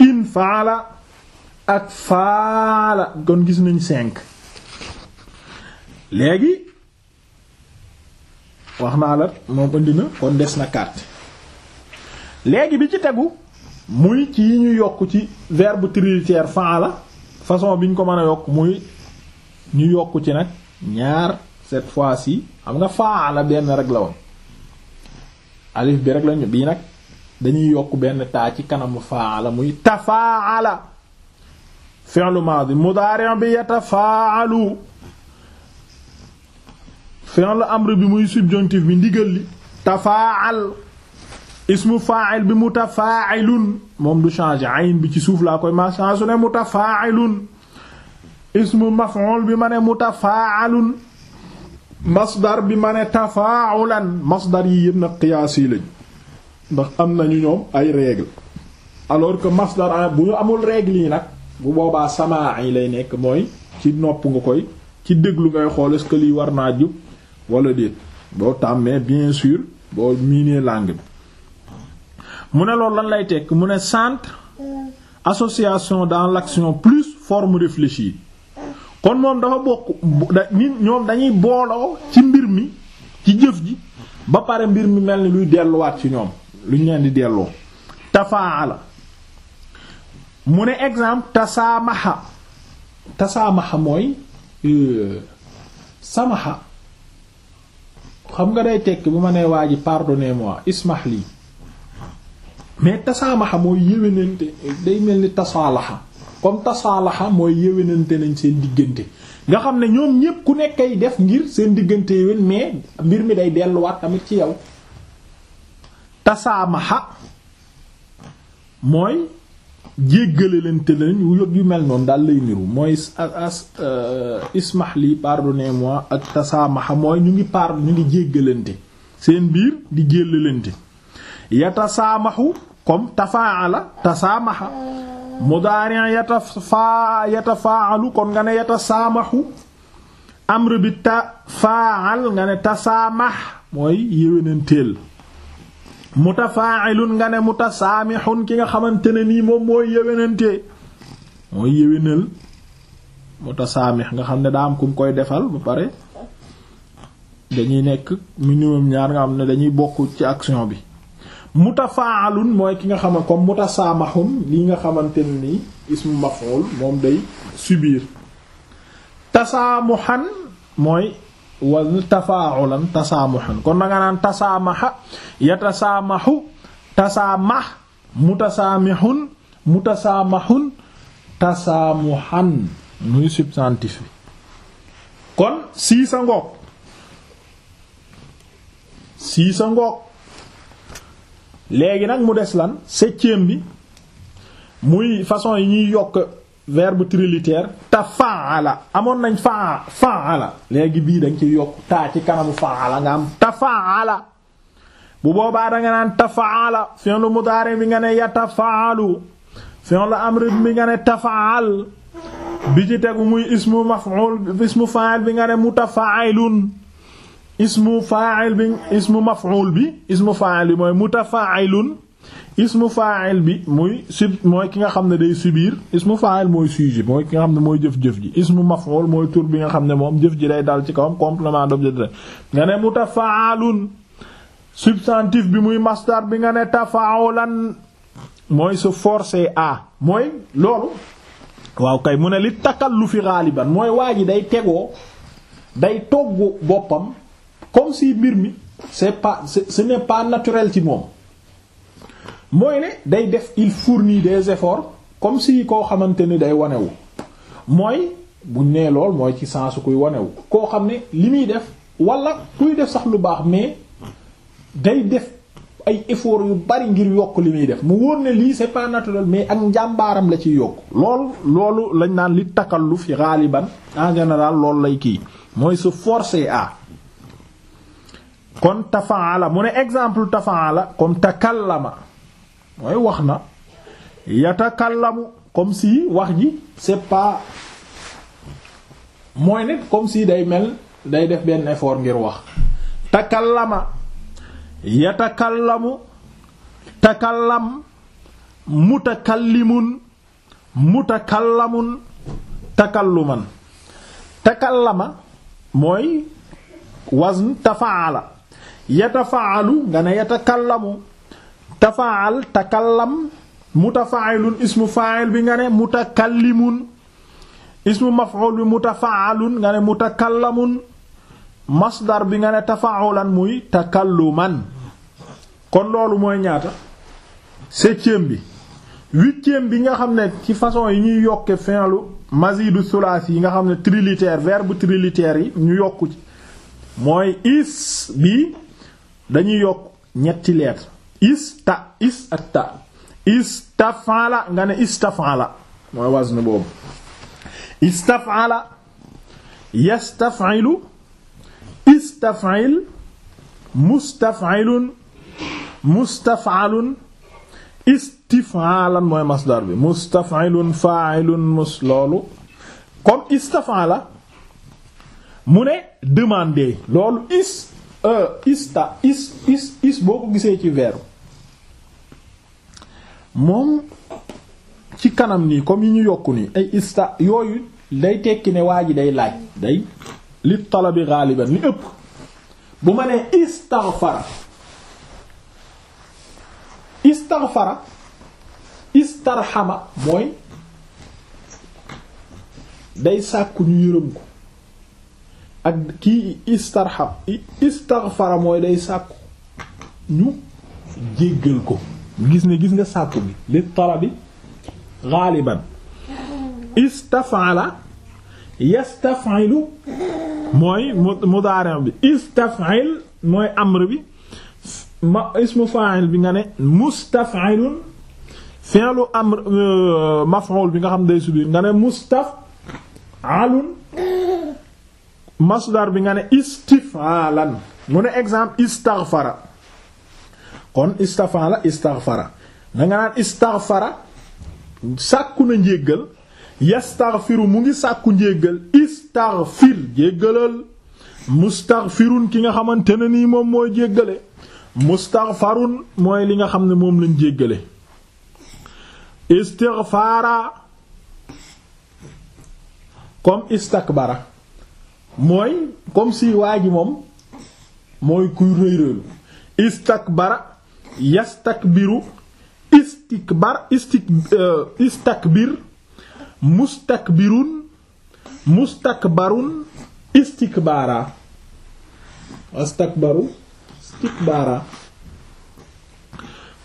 S1: infaala ak faala kon gis nañu cinq léegi wax naa la moom indi na kon des na carte léegi bi ci tegu muy ci yi ñu yokk ci verbe trilitère faala façon bi ñu ko mën a yokk muy ñu yokk ci nag ñaar cette fois-ci xam nga faala benn rek la woon alif bi rek lañu bii nag dañuy yokk benn taa ci kanamu faala muy tafaala fi'lu maadi mudaari' bi yatafaalu fi'l amr bi muy subjonctif bi ndigal li tafaal ismu fa'il bi mutafaa'ilun moom du changer ayn bi ci suuf laa koy ma changer ne mutafaa'ilun ismu maf'ul bi ma ne mutafaa'alun masdar bi ma ne tafaa'ulan masdar yi yëpp nag qiyaas yi ndax am nañu ñoom ay règle alors que masdar ah, bu ñu amul règle yi nag bu boobaa samaa yi lay nekk mooy ci nopp nga koy ci déglu ngay xool est war naa jub wala déet boo tàmmee bien sûr boo miinee langue bi mu ne loolu lan lay tekk mu ne centre association dans l'action plus forme réfléchie kon moom dafa bokk nit ñoom dañuy booloo ci mbir mi ci jëf ji ba pare mbir mi mel ni luy delluwaat ci ñoom lu ñu leen di delloo tafaala mu ne exemple tasaamaxa tasaamaxa mooy euh, samaxa xam nga day tekki bu ma nee waa ji pardonnez-moi ismah lii mais tasaamaxa mooy yéwénante day mel ni tasaalaxa comme tasaalaxa mooy yéwénante nañ seen diggante nga xam ne ñoom ñépp ku nekk ay def ngir seen diggante yéwén mais mbir mi day delluwaat tamit ci yow tasaamaxa mooy jéggale leen te leen yu mel noonu daal lay niru mooy as euh, ismah li ak tasaamaha mooy ñu ngi par ñu ngi jéggalante seen biir di jéllalante yatasaamahu comme yata tasaamaha mudaari' yatafa yatafaalu kon nga ne yatasaamahu amr bi tafaal nga ne tasaamah mooy yéwénanteel mutafaa'ilun nga ne mutasaamihun ki nga xamante ne nii moom mooy yéwénante mooy yéwénal mutasaamih nga xam ne daa am ku mu koy defal ba pare dañuy nekk minimum ñaar nga xam ne dañuy bokk ci action bi mutafaa'ilun mooy ki nga xam ne comme mutasaamahun nga xamante ne nii ismu maf'ul moom day subir tasaamuhan mooy wa tafaaxulan tasaamuxan kon na nga naan tasaamaxa yatasaamaxu tasaamax mutasaamixun mutasaamaxun tasaamuxan muy substantif kon sii sa ngoog sii sa ngoog léegi nag mu des lan septième bi muy façon yi ñuy yokk bu trilitère tafaala amoon nañ fa faala léegi bii dañ ci yokk taa ci kanamu faala nga am tafaala bu boobaa da nga naan tafaala fi'lu mudari bi nga ne yatafaalu fi'lu amri bi nga ne tafaal bi ci tegu muy ismu maf'ul ismu fa'il bi nga ne ismu fa'il bi ismu maf'ul bi ismu fa'il bi mooy mutafaa'ilun ismu fa'il bi muy sub mooy ki nga xam ne day subir ismu fa'il mooy sujet mooy ki nga xam ne mooy jëf-jëf ji ismu maf'ul mooy tour bi nga xam ne moom jëf ji day dal ci kawam complément d'objet nga ne mu mutafa'alun substantif bi muy masdar bi nga ne tafa'alan mooy se forcer à mooy loolu waaw kay mu ne li takallufi ghaliban mooy waa ji day tegoo day togg boppam comme si mbir mi c'est pas ce n'est pas naturel ci moom mooy ne day def il fournit des efforts comme si koo xamante ni day wanewu mooy buñ nee lool mooy ci sensu kuy wanewu koo xam ne li muy def wala kuy def sax lu baax mais day def ay efforts yu bari ngir yokk li muy def mu wóor ne lii c'est par naturel mais ak njàmbaaram la ci yokk lool loolu lañ naan li takalluf fi ghaliban en général loolu lay kii mooy se forcer à kon tafaala mu ne exemple la kon takallama mooy wax na yatakalamu kom si wax ji c'est pas mooy nit comme si day mel day def benn effort ngir wax takallama yatakallamu takallam mutakallimun mutakallamun takalluman takallama mooy wazn tafaala yatafaalu nga ne yatakallamu tafaal takallam mutafailun ismu fa'il bi nga ne mutakallimun ismu maf'ul bi mutafaalun nga ne mutakallamun masdar bi nga ne tafaulan muy takalluman kon loolu mooy ñaata septième bi huitième bi nga xam ne ci façon yi ñuy yokke fi'lu mazidu sulaasi yi nga xam ne trilitère verbe trilitère yi ñu yokk ci mooy is bi dañuy yokk ñetti lettre ista is ak ta istafala nga ne istafala mooy wazn boobu istafala yastafilu istafil mustafilun mustafalun istifaalan mooy masdar bi mustafilun faailun mus loolu comme istafala mu ne demander loolu euh, is boo ko gisee ci verbe moom ci kanam nii comme yi ñu yokku nii ay ista yooyu day tekki ne waa ji day laaj day li talabi ghaliban li ëpp bu ma nee istaghfara istaghfara istarhama mooy day sàkku ñu yërëm ko ak kii istarham istaghfara mooy day sàkku ñu jéggal ko gis ne gis nga sàkku bi li talabi ghaliban istaf'ala yastaf'ilu mooy mudaari' bi istaf'il mooy amr bi ma ismu bi nga ne mustaf'ilun fi'lu amr euh, maf'ul bi nga xam day subi nga ne mustaf'alun masdar bi nga ne istif'alan mu ne exemple istaghfara kon istafan la istaghfara danga naan istaghfara sàkku na njéggal yastaghfiru mu ngi sàkku njéggal istaghfir jéggalal mustaghfirun ki nga xamante ne nii moom mooy jéggale mustaghfarun mooy li nga xam ne moom lañ jéggale istighfara comme istakbara mooy comme si waa ji moom mooy kuy rëy rëylu istakbara yastakbiru istikbar istik euh, istakbir mustakbirun mustakbarun istikbara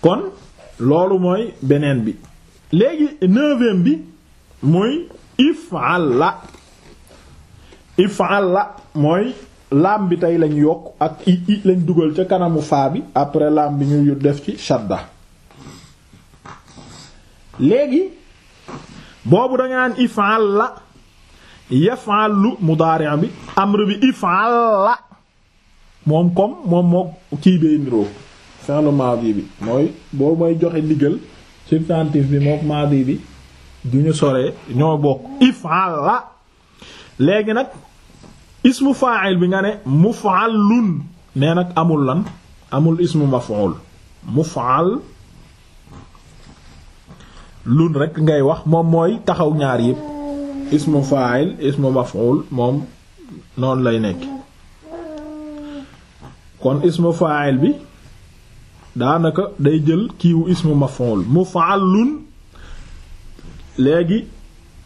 S1: kon loolu mooy beneen bi léegi neuvième bi mooy if'al la la mooy laam bi tey lañ yokk ak i i lañ dugal ca kanamu faa bi après laam bi ñu def ci shadda léegi boobu danga naan ifal la yafal lu mudaari' bi amr bi ifal la moom comme moom moo kii bee niroo fi'l maadi bi mooy boo may joxe ndigal substantif bi mook maadi bi du ñu soree ñoo bokk ifal la léegi nag ismu fa'il bi nga ne muf'alun nee nag amul lan amul ismu maf'ul muf'al lun rekk ngay wax moom mooy taxaw ñaar yépp ismu fa'il moom noonu lay nekk kon ismu fa'il bi daanaka day jël kiiwu ismu maf'ul muf'alun léegi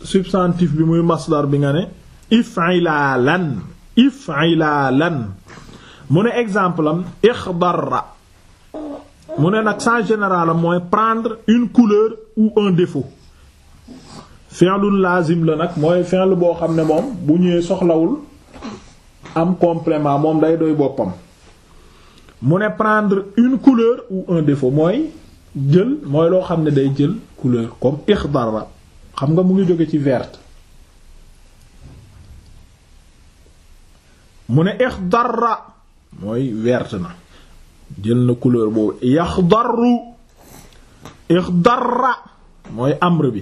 S1: substantif bi muy masdar bi nga ne lan ifilaalan ifilaalan mu ne exemple am mu ne nag sens général am mooy prendre une couleur ou un défaut fi'lun lazim la nag mooy fi'l boo xam ne moom bu ñëwee soxlawul am complément moom day doy boppam mu ne prendre une couleur ou un défaut mooy jël mooy loo xam ne day jël couleur comme ixdarra xam nga mu ngi jóge ci verte mu ne ixdarra mooy weert na jël na couleur boobu yaxdarru ixdarra mooy amr bi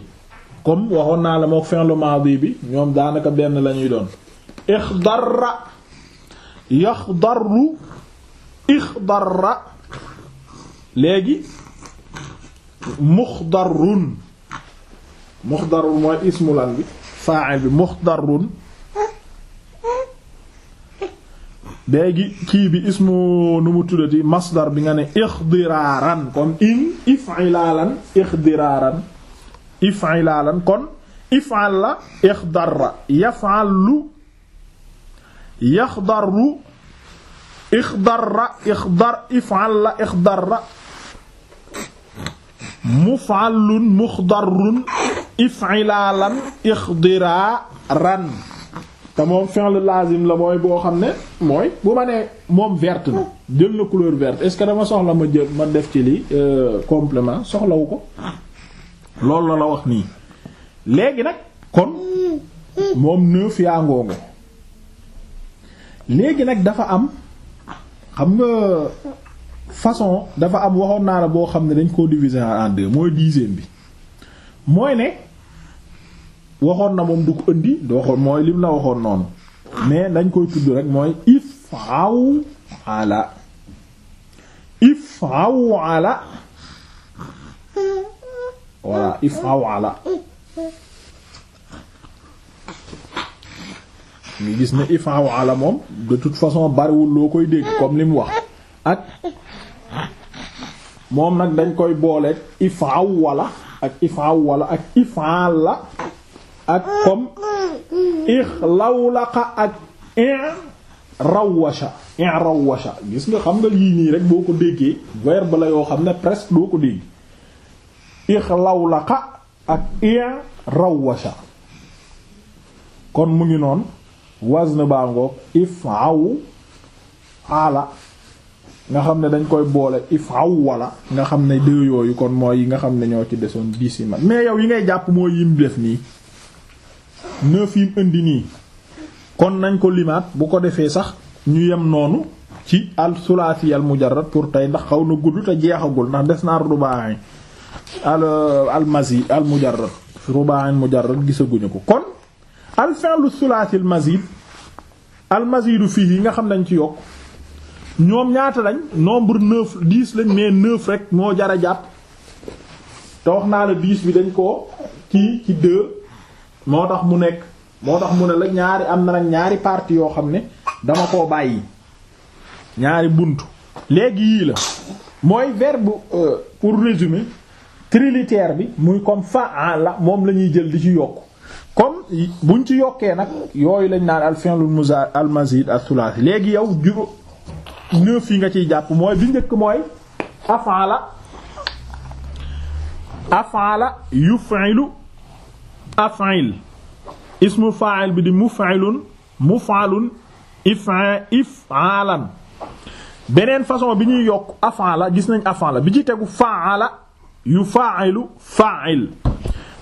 S1: comme waxoon naa la moo fi'l maadi bi ñoom daanaka benn la ñuy doon ixdarra yaxdarru ixdarra léegi muxdarrun muxdarrun mooy ismu lan bi fa'il bi muxdarrun léegi kii bi ismu nu mu tuddati masdar bi nga ne ixdiraaran kon in ifilaalan ixdiraaran ifilaalan kon ifal la ixdarra yafallu yaxdarru ixdarra ixdar ifal la ixdarra mufallun muxdarrun ifilaalan ixdiraaran te moom fi'l lazim la mooy boo xam ne mooy bu ma nee moom vert na jël na couleur verte est-ce que dama soxla ma jël ma def ci li euh, complément soxlawu ko loolu la la wax nii léegi nag kon moom neuf yaa ngoongo léegi nag dafa am xam nga façon dafa am waxoon naa la boo xam ne dañ koo diviser en deux mooy dixième bi mooy ne waxoon na moom du ko indi du waxoon mooy lim la waxoon noonu mais dañ koy tudd rek mooy ifaaw ala ala voilà ifaaw ala gis ne ifaaw ala moom de toute façon bariwul loo koy dégg comme li mu wax ak moom nag dañ koy booleeg ifaaw wala ak ifaaw wala ak ifaa la ak comme ixlawlaqa ak raw raw i'rawasha gis nga xam nga lii nii rek boo ko déggee verbe bala yoo xam ne presque doo ko dégg ixlawlaqa ak raw i'rawasha kon mu ngi noon wazn baa ngoog if'aw ala nga xam ne dañ koy boole if'aw wala nga xam ne deux yooyu kon mooy yi nga xam ne ñoo ci desoon dix yi man mais yow yi ngay jàpp mooy yim def nii neuf yim indi nii kon nañ ko limaat bu ko defee sax ñu yem noonu ci al sulaasi al mujarrad pour tey ndax xaw na gudd te jeexagul ndax des na rubaay al al mazid al mujarrad rubaay mujarrad gisaguñu ko kon al fi'lu sulaasi al mazid al mazidu fii yi nga xam nañ ci yokk ñoom ñaata lañ nombre neuf dix lañ mais neuf rek moo jar a jàpp te wax naa la dix bi dañ ko kii ci deux moo tax mu nekk moo tax mu ne la ñaari am na nag ñaari parti yoo xam ne dama ko bàyyi ñaari buntu léegi yii la mooy verbe euh, pour résumer trilitère bi muy comme fa'ala moom la ñuy jël di ci yokk comme buñ ci yokkee nag yooyu lañ naan al fi'lul muzari al mazid al thulathi léegi yow juróom neuf yi nga ciy jàpp mooy bi njëkk mooy af'ala af'ala yuf'ilu af'il ismu fa'il bi di muf'ilun muf'alun if'a if'alan beneen façon bi ñuy yokk af'ala gis nañ af'ala bi ci tegu fa'ala yu fa'ilu fa'il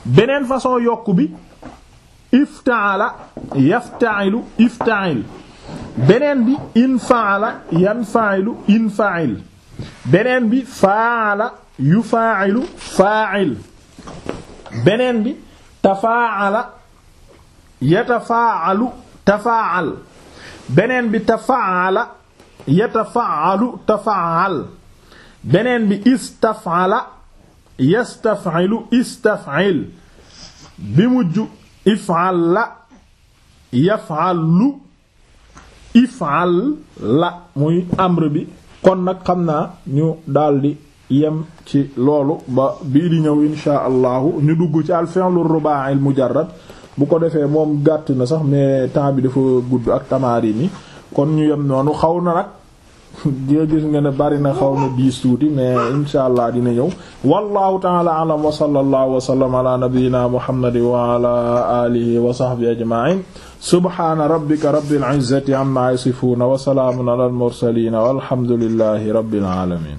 S1: beneen façon yokk bi ifta'ala yafta'ilu ifta'il beneen bi infa'ala yanfa'ilu infa'il beneen bi fa'ala yufa'ilu fa'il beneen bi tafaala yatafaalu tafaal beneen bi tafaala yatafaalu tafaal beneen bi istafala yastafilu istafil bi mujj ifal la lu ifal la muy amr bi kon nag xam naa ñu daldi yem ci loolu ba bii di ñëw insha ñu dugg ci al fi'lu ruba'i al mujarrad bu ko defee moom gàtt na sax mais temps bi dafa gudd ak tamaari mi kon ñu yem noonu xaw na nag dina gis nga ne bari na xaw na diis tuuti mais insha allah dina ñëw wallahu taala alam wa sallallahu wa sallam ala nabiyyina muhammadin wa ala alihi wa sahbihi ajma'in subhana rabbika rabbil izzati amma yasifuna wa salaamun ala al mursalin walhamdulillahi rabbil alamin